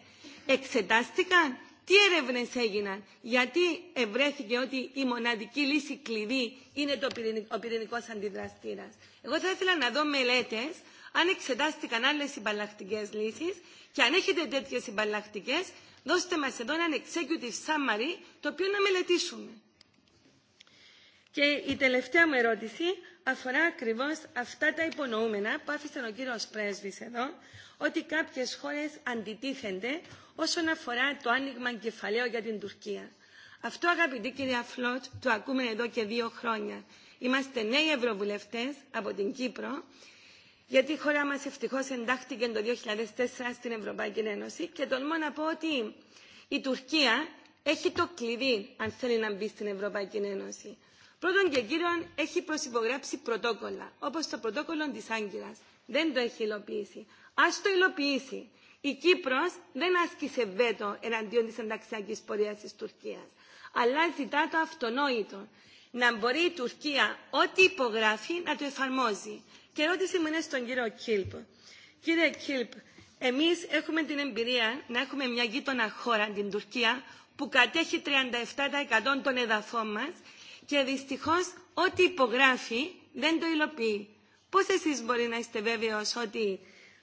Εξετάστηκαν Τι έρευνε έγιναν, γιατί ευρέθηκε ότι η μοναδική λύση κλειδί είναι το πυρηνικό, ο πυρηνικό αντιδραστήρα. Εγώ θα ήθελα να δω μελέτε αν εξετάστηκαν άλλε συμπαλλακτικέ λύσει και αν έχετε τέτοιε συμπαλλακτικέ, δώστε μα εδώ ένα executive summary το οποίο να μελετήσουμε. Και η τελευταία μου ερώτηση αφορά ακριβώ αυτά τα υπονοούμενα που άφησε ο κύριο Πρέσβη εδώ, ότι κάποιε χώρε αντιτίθενται όσον αφορά το άνοιγμα κεφαλαίου για την Τουρκία. Αυτό, αγαπητή κυρία Φλότ, το ακούμε εδώ και δύο χρόνια. Είμαστε νέοι ευρωβουλευτές από την Κύπρο, γιατί η χώρα μας ευτυχώς εντάχθηκε το 2004 στην Ευρωπαϊκή Ένωση και τολμώ να πω ότι η Τουρκία έχει το κλειδί αν θέλει να μπει στην Ευρωπαϊκή Ένωση. Πρώτον και κύριον έχει προσυπογράψει πρωτόκολλα, όπως το πρωτόκολλο της Άγκυρας. Δεν το έχει υλοποιήσει. Ας το υλοποιήσει. Η Κύπρος δεν άσκησε βέτο εναντίον της ανταξιακής πορείας της Τουρκίας. Αλλά ζητά το αυτονόητο. Να μπορεί η Τουρκία ό,τι υπογράφει να το εφαρμόζει. Και ρώτησε μου είναι στον κύριο Κίλπ. Κύριε Κίλπ, εμείς έχουμε την εμπειρία να έχουμε μια γείτονα χώρα, την Τουρκία, που κατέχει 37% των εδαφών μας και δυστυχώς ό,τι υπογράφει δεν το υλοποιεί. Πώς εσείς μπορεί να είστε βέβαιος ότι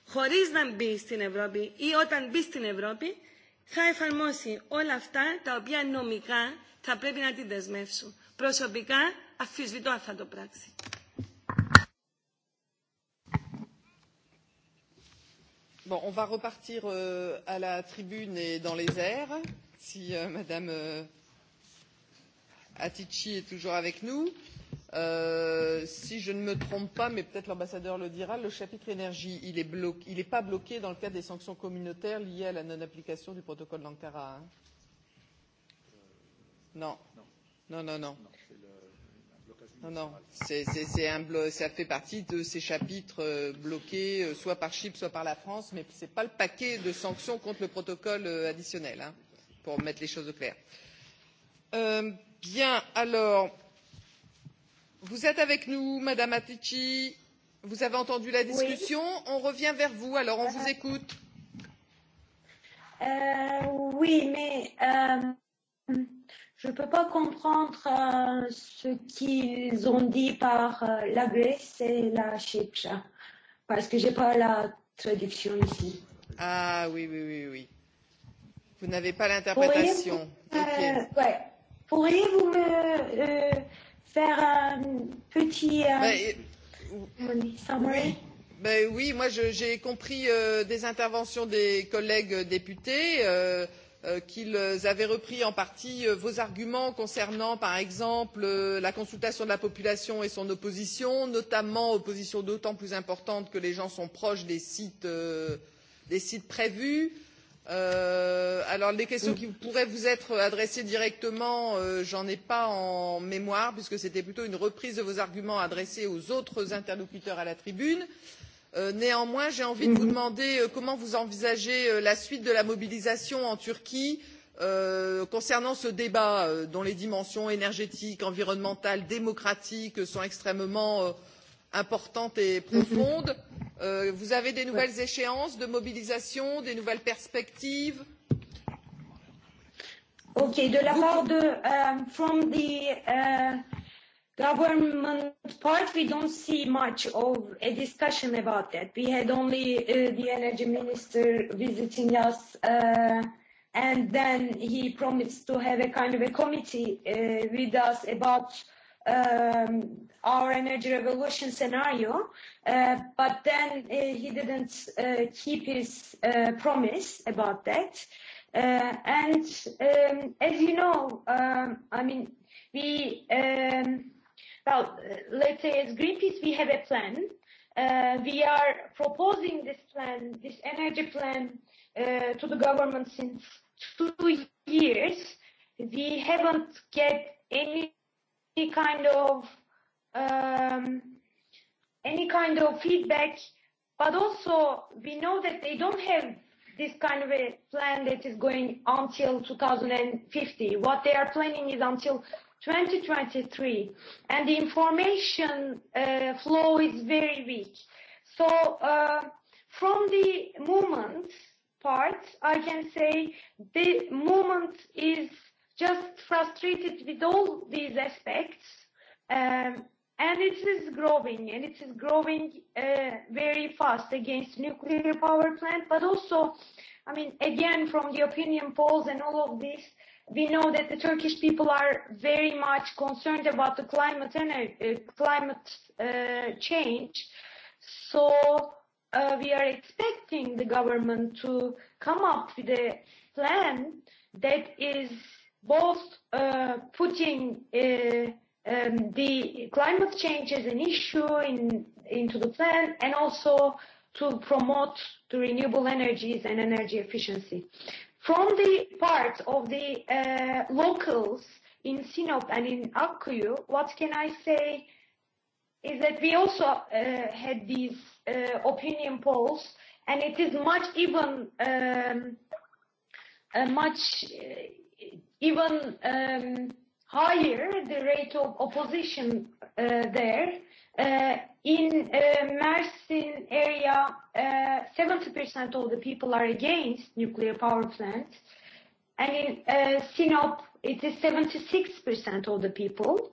χωρίς να μπει στην Ευρώπη ή όταν μπει στην Ευρώπη, θα εφαρμόσει όλα αυτά τα οποία νομικά θα πρέπει να την δεσμεύσουν. Προσωπικά αφισβητώ αυτά το πράξη. Bon, on va repartir euh, à la tribune et dans les airs, si euh, Madame euh, Atici est toujours avec nous. Euh, si je ne me trompe pas mais peut être l'ambassadeur le dira le chapitre énergie n'est bloqué, pas bloqué dans le cadre des sanctions communautaires liées à la non application du protocole d'ankara. Hein. Euh, non. non non non non non c'est c'est c'est un blo ça fait partie de ces chapitres euh, bloqués soit par chypre soit par la france mais ce n'est pas le paquet de sanctions contre le protocole additionnel hein, pour mettre les choses au clair. Euh, bien alors euh, vous êtes avec nous madame Apici vous avez entendu la discussion oui. on revient vers vous alors on euh, vous écoute euh, oui mais euh, je ne peux pas comprendre euh, ce qu'ils ont dit par euh, la Grèce et la Chypre parce que j'ai pas la traduction ici ah oui oui oui oui vous n'avez pas l'interprétation. Euh, Pourriez-vous euh, okay. ouais. Pourriez me euh, faire un petit euh, bah, et... summary ben oui, moi j'ai compris euh, des interventions des collègues députés euh, euh, qu'ils avaient repris en partie euh, vos arguments concernant, par exemple, euh, la consultation de la population et son opposition, notamment opposition d'autant plus importante que les gens sont proches des sites, euh, des sites prévus. Euh, Euh, alors les questions qui pourraient vous être adressées directement, euh, j'en ai pas en mémoire puisque c'était plutôt une reprise de vos arguments adressés aux autres interlocuteurs à la tribune. Euh, néanmoins, j'ai envie de vous mhm. demander euh, comment vous envisagez euh, la suite de la mobilisation en Turquie euh, concernant ce débat euh, dont les dimensions énergétiques, environnementales, démocratiques euh, sont extrêmement euh, importantes et mhm. profondes. Euh, vous avez des nouvelles échéances de mobilisation des nouvelles perspectives? Okay, de la part de um, from the uh, government part, we don't see much of a discussion about that. We had only uh, the energy minister visiting us, uh, and then he promised to have a kind of a committee uh, with us about uh, Um, our energy revolution scenario, uh, but then uh, he didn't uh, keep his uh, promise about that. Uh, and um, as you know, um, I mean, we, um, well, let's say as Greenpeace, we have a plan. Uh, we are proposing this plan, this energy plan, uh, to the government since two years. We haven't get any any kind of um, any kind of feedback, but also we know that they don't have this kind of a plan that is going until 2050. What they are planning is until 2023, and the information uh, flow is very weak. So uh, from the movement part, I can say the movement is just frustrated with all these aspects. Um, and it is growing, and it is growing uh, very fast against nuclear power plant. But also, I mean, again, from the opinion polls and all of this, we know that the Turkish people are very much concerned about the climate energy, uh, uh, climate uh, change. So uh, we are expecting the government to come up with a plan that is both uh, putting uh, um, the climate change as an issue in, into the plan and also to promote the renewable energies and energy efficiency. From the part of the uh, locals in Sinop and in Akkuyu, what can I say is that we also uh, had these uh, opinion polls and it is much even um, uh, much uh, even um, higher the rate of opposition uh, there. Uh, in uh, Mersin area, uh, 70% of the people are against nuclear power plants. And in uh, Sinop, it is 76% of the people.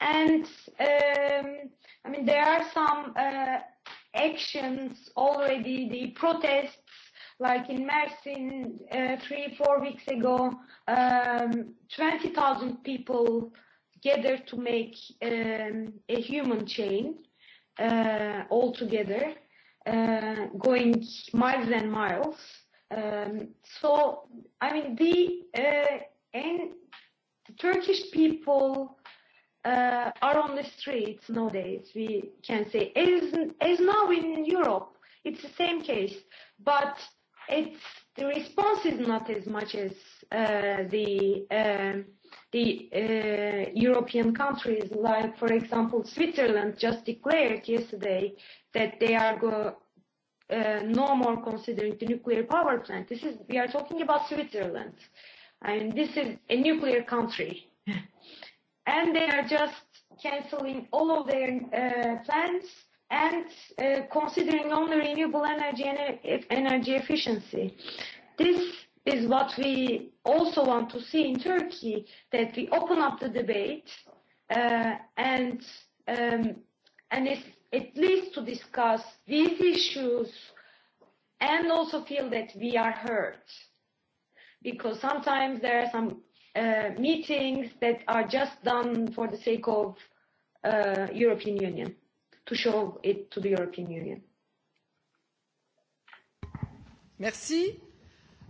And um, I mean, there are some uh, actions already, the protests like in medicine, uh, three, four weeks ago, um, 20,000 people gathered to make um, a human chain uh, all together, uh, going miles and miles. Um, so, I mean, the, uh, and the Turkish people uh, are on the streets nowadays, we can say, as, as now in Europe. It's the same case, but it's the response is not as much as uh, the uh, the uh, European countries. Like for example, Switzerland just declared yesterday that they are go, uh, no more considering the nuclear power plant. This is we are talking about Switzerland, I and mean, this is a nuclear country, and they are just canceling all of their uh, plans and uh, considering only renewable energy and energy efficiency. This is what we also want to see in Turkey, that we open up the debate uh, and um, and it's at least to discuss these issues and also feel that we are heard. Because sometimes there are some uh, meetings that are just done for the sake of uh, European Union to show it to the European Union. Merci.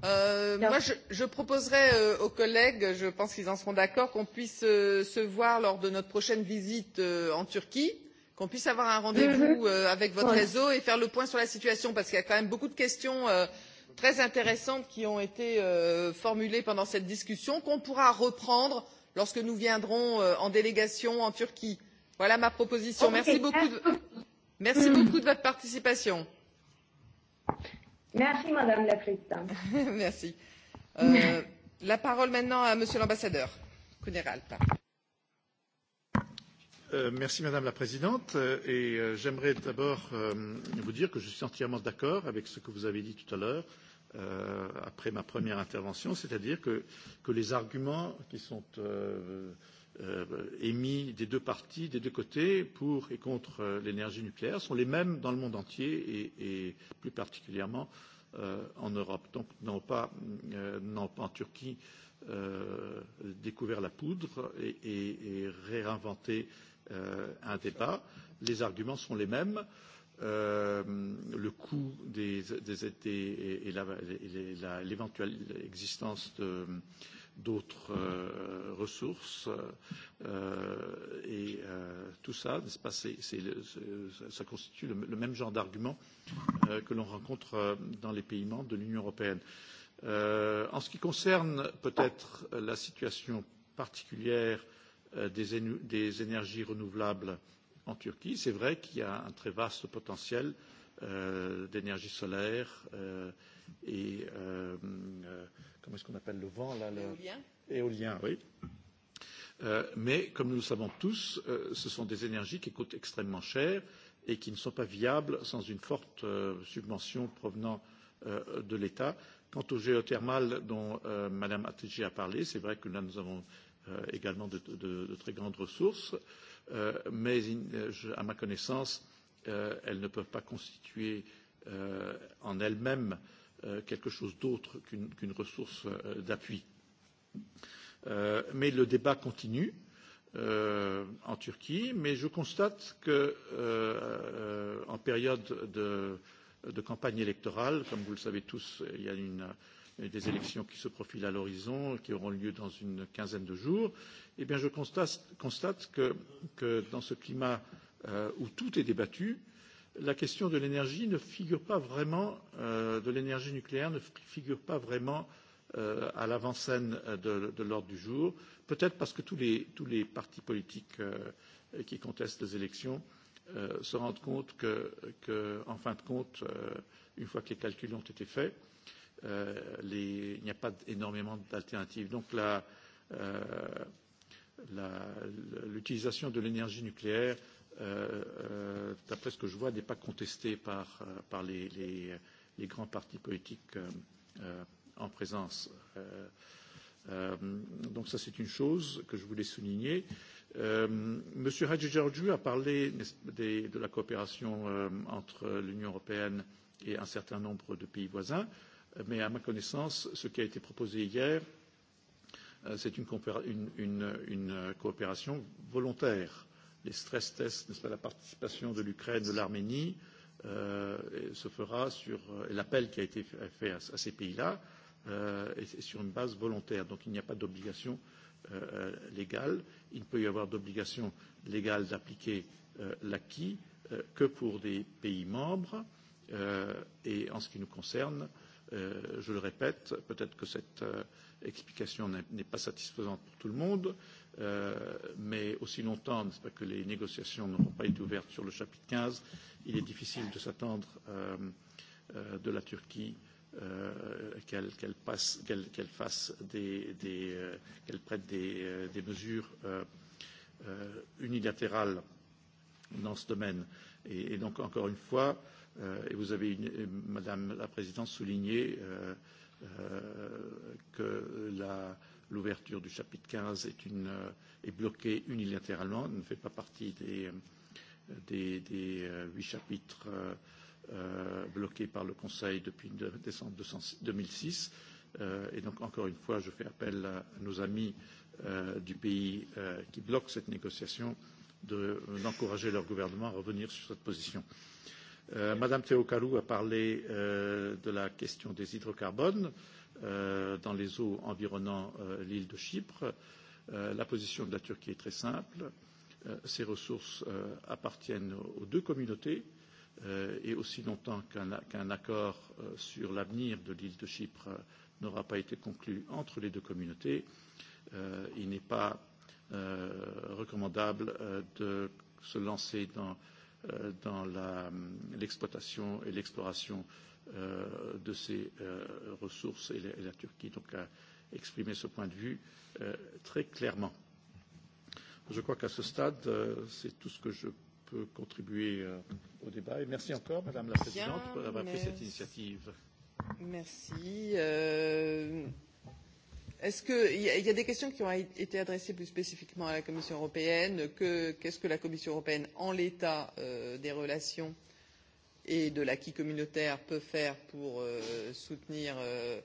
Euh, no. Moi, je, je proposerais euh, aux collègues, je pense qu'ils en seront d'accord, qu'on puisse euh, se voir lors de notre prochaine visite euh, en Turquie, qu'on puisse avoir un rendez-vous mm-hmm. euh, avec votre ouais. réseau et faire le point sur la situation, parce qu'il y a quand même beaucoup de questions euh, très intéressantes qui ont été euh, formulées pendant cette discussion, qu'on pourra reprendre lorsque nous viendrons euh, en délégation en Turquie voilà ma proposition merci beaucoup de votre participation merci madame la présidente merci euh, la parole maintenant à monsieur l'ambassadeur kuneralta euh, merci madame la présidente euh, et j'aimerais d'abord vous dire que je suis entièrement d'accord avec ce que vous avez dit tout à l'heure après ma première intervention c'est à dire que les arguments qui sont euh, Euh, émis des deux parties des deux côtés pour et contre euh, l'énergie nucléaire sont les mêmes dans le monde entier et, et plus particulièrement euh, en Europe. Donc n'ont pas, euh, pas en Turquie euh, découvert la poudre et, et, et réinventé euh, un débat. Les arguments sont les mêmes. Euh, le coût des, des, des et, et l'éventuelle existence de euh, d'autres euh, ressources euh, et euh, tout ça, n'est-ce pas, c'est, c'est le, c'est, ça constitue le, le même genre d'argument euh, que l'on rencontre euh, dans les pays membres de l'Union européenne. Euh, en ce qui concerne peut-être euh, la situation particulière euh, des, énu- des énergies renouvelables en Turquie, c'est vrai qu'il y a un très vaste potentiel euh, d'énergie solaire euh, et euh, euh, comment est-ce qu'on appelle le vent là, l'éolien. Le... Éolien, oui. Euh, mais comme nous le savons tous, euh, ce sont des énergies qui coûtent extrêmement cher et qui ne sont pas viables sans une forte euh, subvention provenant euh, de l'État. Quant au géothermal dont euh, Mme Atiji a parlé, c'est vrai que là nous avons euh, également de, de, de très grandes ressources, euh, mais in, euh, je, à ma connaissance, euh, elles ne peuvent pas constituer euh, en elles-mêmes euh, Euh, quelque chose d'autre qu'une qu ressource euh, d'appui. Euh, mais le débat continue en Turquie, mais je constate que en période de, de campagne électorale, comme vous le savez tous, il y a une des élections qui se profilent à l'horizon, qui auront lieu dans une quinzaine de jours, eh bien je constate, constate que, que dans ce climat euh, où tout est débattu, euh, la question de l'énergie ne figure pas vraiment euh, de l'énergie nucléaire ne figure pas vraiment euh, à l'avant scène euh, de, de l'ordre du jour, peut être parce que tous les, tous les partis politiques euh, qui contestent les élections euh, se rendent compte que, que en fin de compte, euh, une fois que les calculs ont été faits, euh, les, il n'y a pas énormément d'alternatives. Donc la, euh, la, l'utilisation de l'énergie nucléaire euh, Euh, euh, d'après ce que je vois, n'est pas contesté par, euh, par les, les, les grands partis politiques euh, euh, en présence. Euh, euh, donc ça, c'est une chose que je voulais souligner. Euh, Monsieur Hadji Georgiou a parlé des, de la coopération euh, entre l'Union européenne et un certain nombre de pays voisins, mais à ma connaissance, ce qui a été proposé hier, euh, c'est une, une, une, une coopération volontaire les stress tests n'est-ce pas, la participation de l'Ukraine, de l'Arménie, euh, se fera sur euh, l'appel qui a été fait à, à ces pays-là, euh, et sur une base volontaire. Donc il n'y a pas d'obligation euh, euh, légale. Il ne peut y avoir d'obligation légale d'appliquer euh, l'acquis euh, que pour des pays membres. Euh, et en ce qui nous concerne, euh, je le répète, peut-être que cette euh, explication n'est pas satisfaisante pour tout le monde, euh, mais aussi longtemps pas, que les négociations n'auront pas été ouvertes sur le chapitre 15, il est difficile de s'attendre euh, euh, de la Turquie euh, qu'elle qu qu qu fasse des, des, euh, qu'elle prête des, euh, des mesures euh, euh, unilatérales dans ce domaine. Et, et donc, encore une fois, euh, et vous avez, une, et euh, Madame la Présidente, souligné euh, euh, que la, euh, l'ouverture du chapitre 15 est, une, euh, est bloquée unilatéralement, ne fait pas partie des, euh, des, des euh, huit chapitres bloqués par le Conseil depuis décembre 2006. Et donc, encore une fois, je fais appel à nos amis du pays qui bloquent cette négociation d'encourager de, leur gouvernement à revenir sur cette position. Euh, Madame Théocalou a parlé euh, de la question des hydrocarbones. Euh, euh, dans les eaux environnant euh, l'île de Chypre. Euh, la position de la Turquie est très simple. Euh, ces ressources euh, appartiennent aux deux communautés euh, et aussi longtemps qu'un, qu'un accord euh, sur l'avenir de l'île de Chypre euh, n'aura pas été conclu entre les deux communautés, euh, il n'est pas euh, recommandable euh, de se lancer dans, euh, dans la, l'exploitation et l'exploration euh, euh, de ses euh, ressources et la, et la Turquie donc a exprimé ce point de vue euh, très clairement. Je crois qu'à ce stade, euh, c'est tout ce que je peux contribuer euh, au débat. Et merci encore, Madame la Présidente, pour avoir pris cette initiative. Merci. Euh, Est-ce qu'il y, y a des questions qui ont été adressées plus spécifiquement à la Commission européenne Qu'est-ce qu que la Commission européenne, en l'état euh, des relations euh, et de l'acquis communautaire peut faire pour euh, soutenir euh,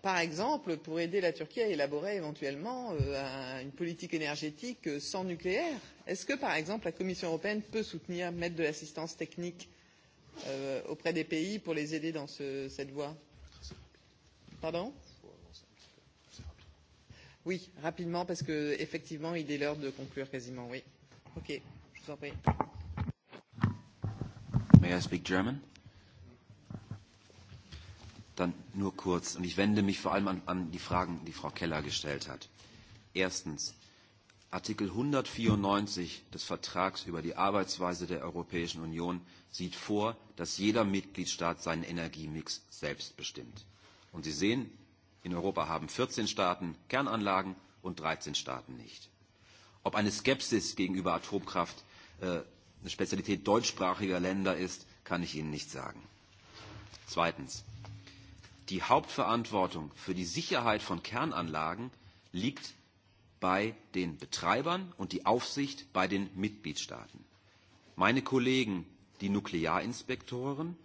par exemple pour aider la Turquie à élaborer éventuellement euh, une politique énergétique sans nucléaire Est-ce que par exemple la Commission européenne peut soutenir, mettre de l'assistance technique auprès des pays pour les aider dans ce, cette voie Pardon Oui, rapidement parce qu'effectivement il est l'heure de conclure quasiment, oui. Ok, je vous en prie. I speak German? Dann nur kurz, und ich wende mich vor allem an, an die Fragen, die Frau Keller gestellt hat. Erstens, Artikel 194 des Vertrags über die Arbeitsweise der Europäischen Union sieht vor, dass jeder Mitgliedstaat seinen Energiemix selbst bestimmt. Und Sie sehen, in Europa haben 14 Staaten Kernanlagen und 13 Staaten nicht. Ob eine Skepsis gegenüber Atomkraft äh, eine Spezialität deutschsprachiger Länder ist, kann ich Ihnen nicht sagen. Zweitens. Die Hauptverantwortung für die Sicherheit von Kernanlagen liegt bei den Betreibern und die Aufsicht bei den Mitgliedstaaten. Meine Kollegen, die Nuklearinspektoren,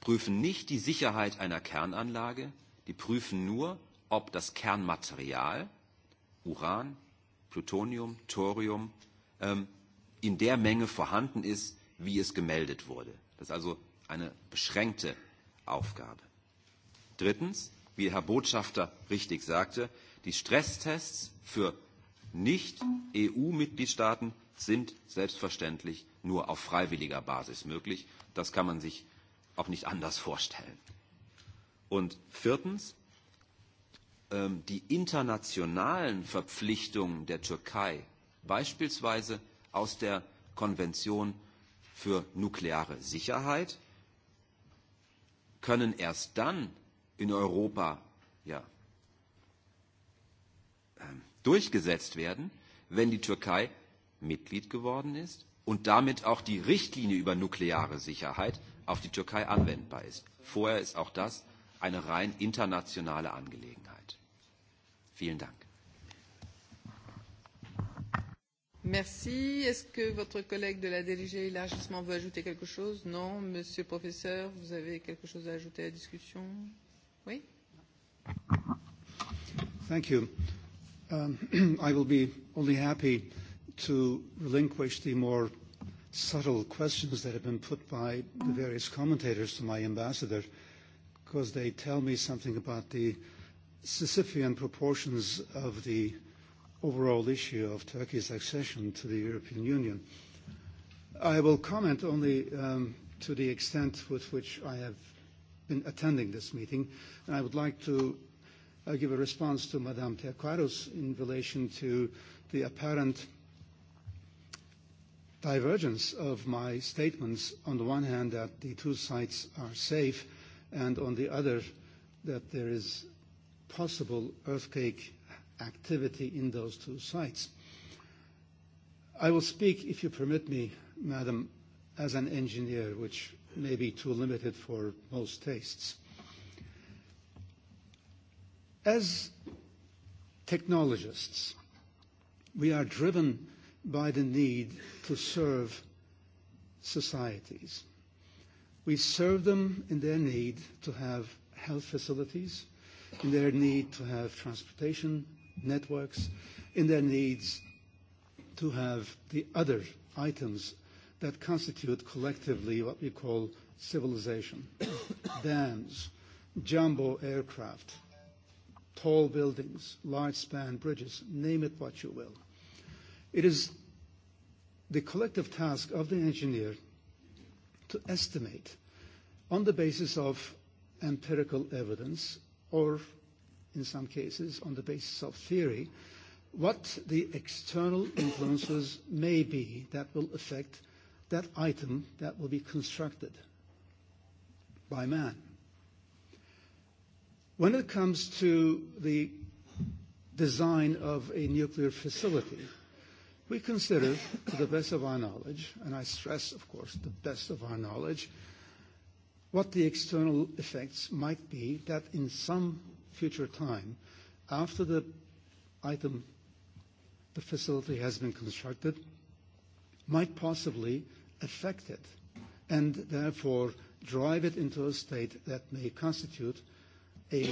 prüfen nicht die Sicherheit einer Kernanlage, die prüfen nur, ob das Kernmaterial Uran, Plutonium, Thorium ähm, in der Menge vorhanden ist, wie es gemeldet wurde. Das ist also eine beschränkte Aufgabe. Drittens, wie Herr Botschafter richtig sagte, die Stresstests für Nicht-EU-Mitgliedstaaten sind selbstverständlich nur auf freiwilliger Basis möglich. Das kann man sich auch nicht anders vorstellen. Und viertens, ähm, die internationalen Verpflichtungen der Türkei, beispielsweise aus der Konvention für nukleare Sicherheit, können erst dann in Europa ja, äh, durchgesetzt werden, wenn die Türkei Mitglied geworden ist und damit auch die Richtlinie über nukleare Sicherheit auf die Türkei anwendbar ist. Vorher ist auch das eine rein internationale Angelegenheit. Vielen Dank. Merci. Est-ce que votre collègue de la DG élargissement veut ajouter quelque chose Non. Monsieur le professeur, vous avez quelque chose à ajouter à la discussion Oui Thank you. Um, I will be only happy to relinquish the more subtle questions that have been put by the various commentators to my ambassador because they tell me something about the Sisyphean proportions of the uh, overall issue of Turkey's accession to the European Union. I will comment only um, to the extent with which I have been attending this meeting, and I would like to uh, give a response to Madame Teaquaros in relation to the apparent divergence of my statements, on the one hand that the two sites are safe, and on the other that there is possible earthquake activity in those two sites. I will speak, if you permit me, madam, as an engineer, which may be too limited for most tastes. As technologists, we are driven by the need to serve societies. We serve them in their need to have health facilities, in their need to have transportation networks in their needs to have the other items that constitute collectively what we call civilization dams, jumbo aircraft, tall buildings, large span bridges, name it what you will. It is the collective task of the engineer to estimate on the basis of empirical evidence or in some cases, on the basis of theory, what the external influences may be that will affect that item that will be constructed by man. When it comes to the design of a nuclear facility, we consider, to the best of our knowledge, and I stress, of course, the best of our knowledge, what the external effects might be that in some future time, after the item, the facility has been constructed, might possibly affect it and therefore drive it into a state that may constitute a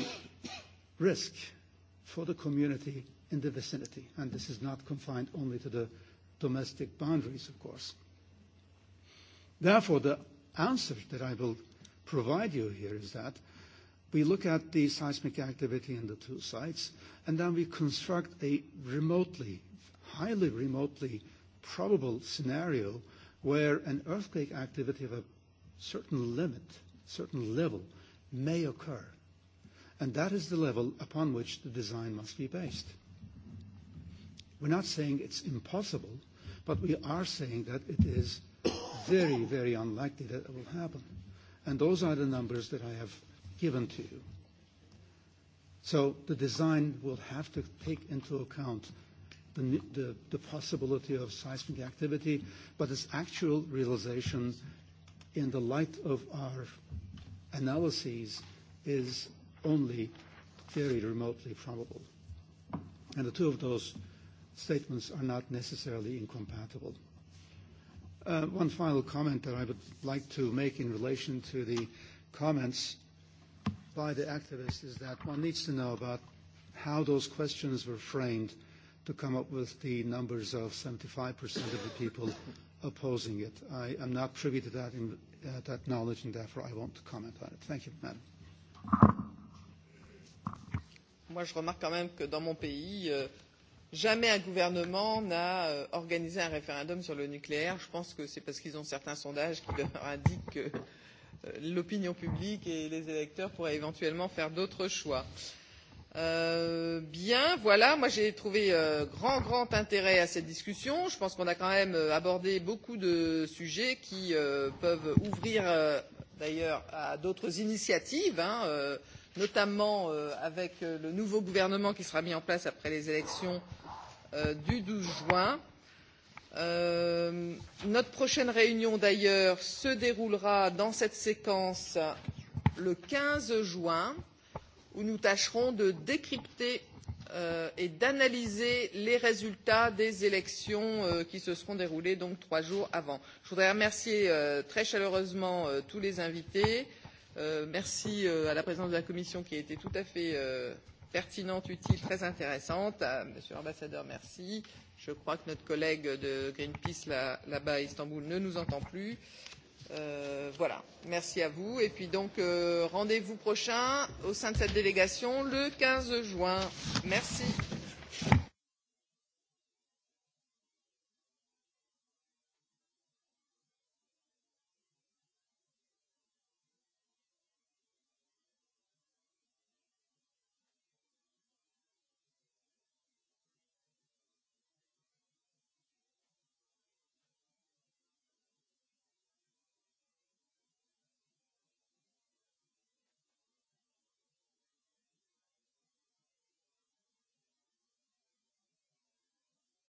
risk for the community in the vicinity. And this is not confined only to the domestic boundaries, of course. Therefore, the answer that I will provide you here is that We look at the seismic activity in the two sites, and then we construct a remotely, highly remotely probable scenario where an earthquake activity of a certain limit, certain level may occur. That is the level upon which the design must be based. We're not saying it's impossible, but we are saying that it is very, very unlikely that it will happen. Those are the numbers that I have given to you. So the design will have to take into account the, the, the possibility of seismic activity, but its actual realization in the light of our analyses is only very remotely probable. And the two of those statements are not necessarily incompatible. Uh, one final comment that I would like to make in relation to the comments by the activists is that one needs to know about how those questions were framed to come up with the numbers of 75% of the people opposing it. I am not privy to that, in, uh, that knowledge, and therefore I won't comment on it. Thank you, madam. Moi, je remarque quand même que dans mon pays, euh, jamais un gouvernement n'a euh, organisé un référendum sur le nucléaire. Je pense que c'est parce qu'ils ont certains sondages qui leur indiquent que euh, l'opinion publique et les électeurs pourraient éventuellement faire d'autres choix. Euh, bien, voilà, moi j'ai trouvé euh, grand, grand intérêt à cette discussion. Je pense qu'on a quand même euh, abordé beaucoup de sujets qui euh, peuvent ouvrir euh, d'ailleurs à d'autres initiatives, hein, euh, notamment euh, avec euh, le nouveau gouvernement qui sera mis en place après les élections euh, du 12 juin. Euh, Euh, notre prochaine réunion d'ailleurs se déroulera dans cette séquence le quinze juin où nous tâcherons de décrypter euh, et d'analyser les résultats des élections euh, qui se seront déroulées donc trois jours avant. je voudrais remercier très chaleureusement tous les invités merci à la présidence de la commission qui a été tout à fait pertinente utile très intéressante à m. l'ambassadeur merci je crois que notre collègue de greenpeace là bas à istanbul ne nous entend plus. Euh, voilà merci à vous et puis donc euh, rendez vous prochain au sein de cette délégation le quinze juin. merci.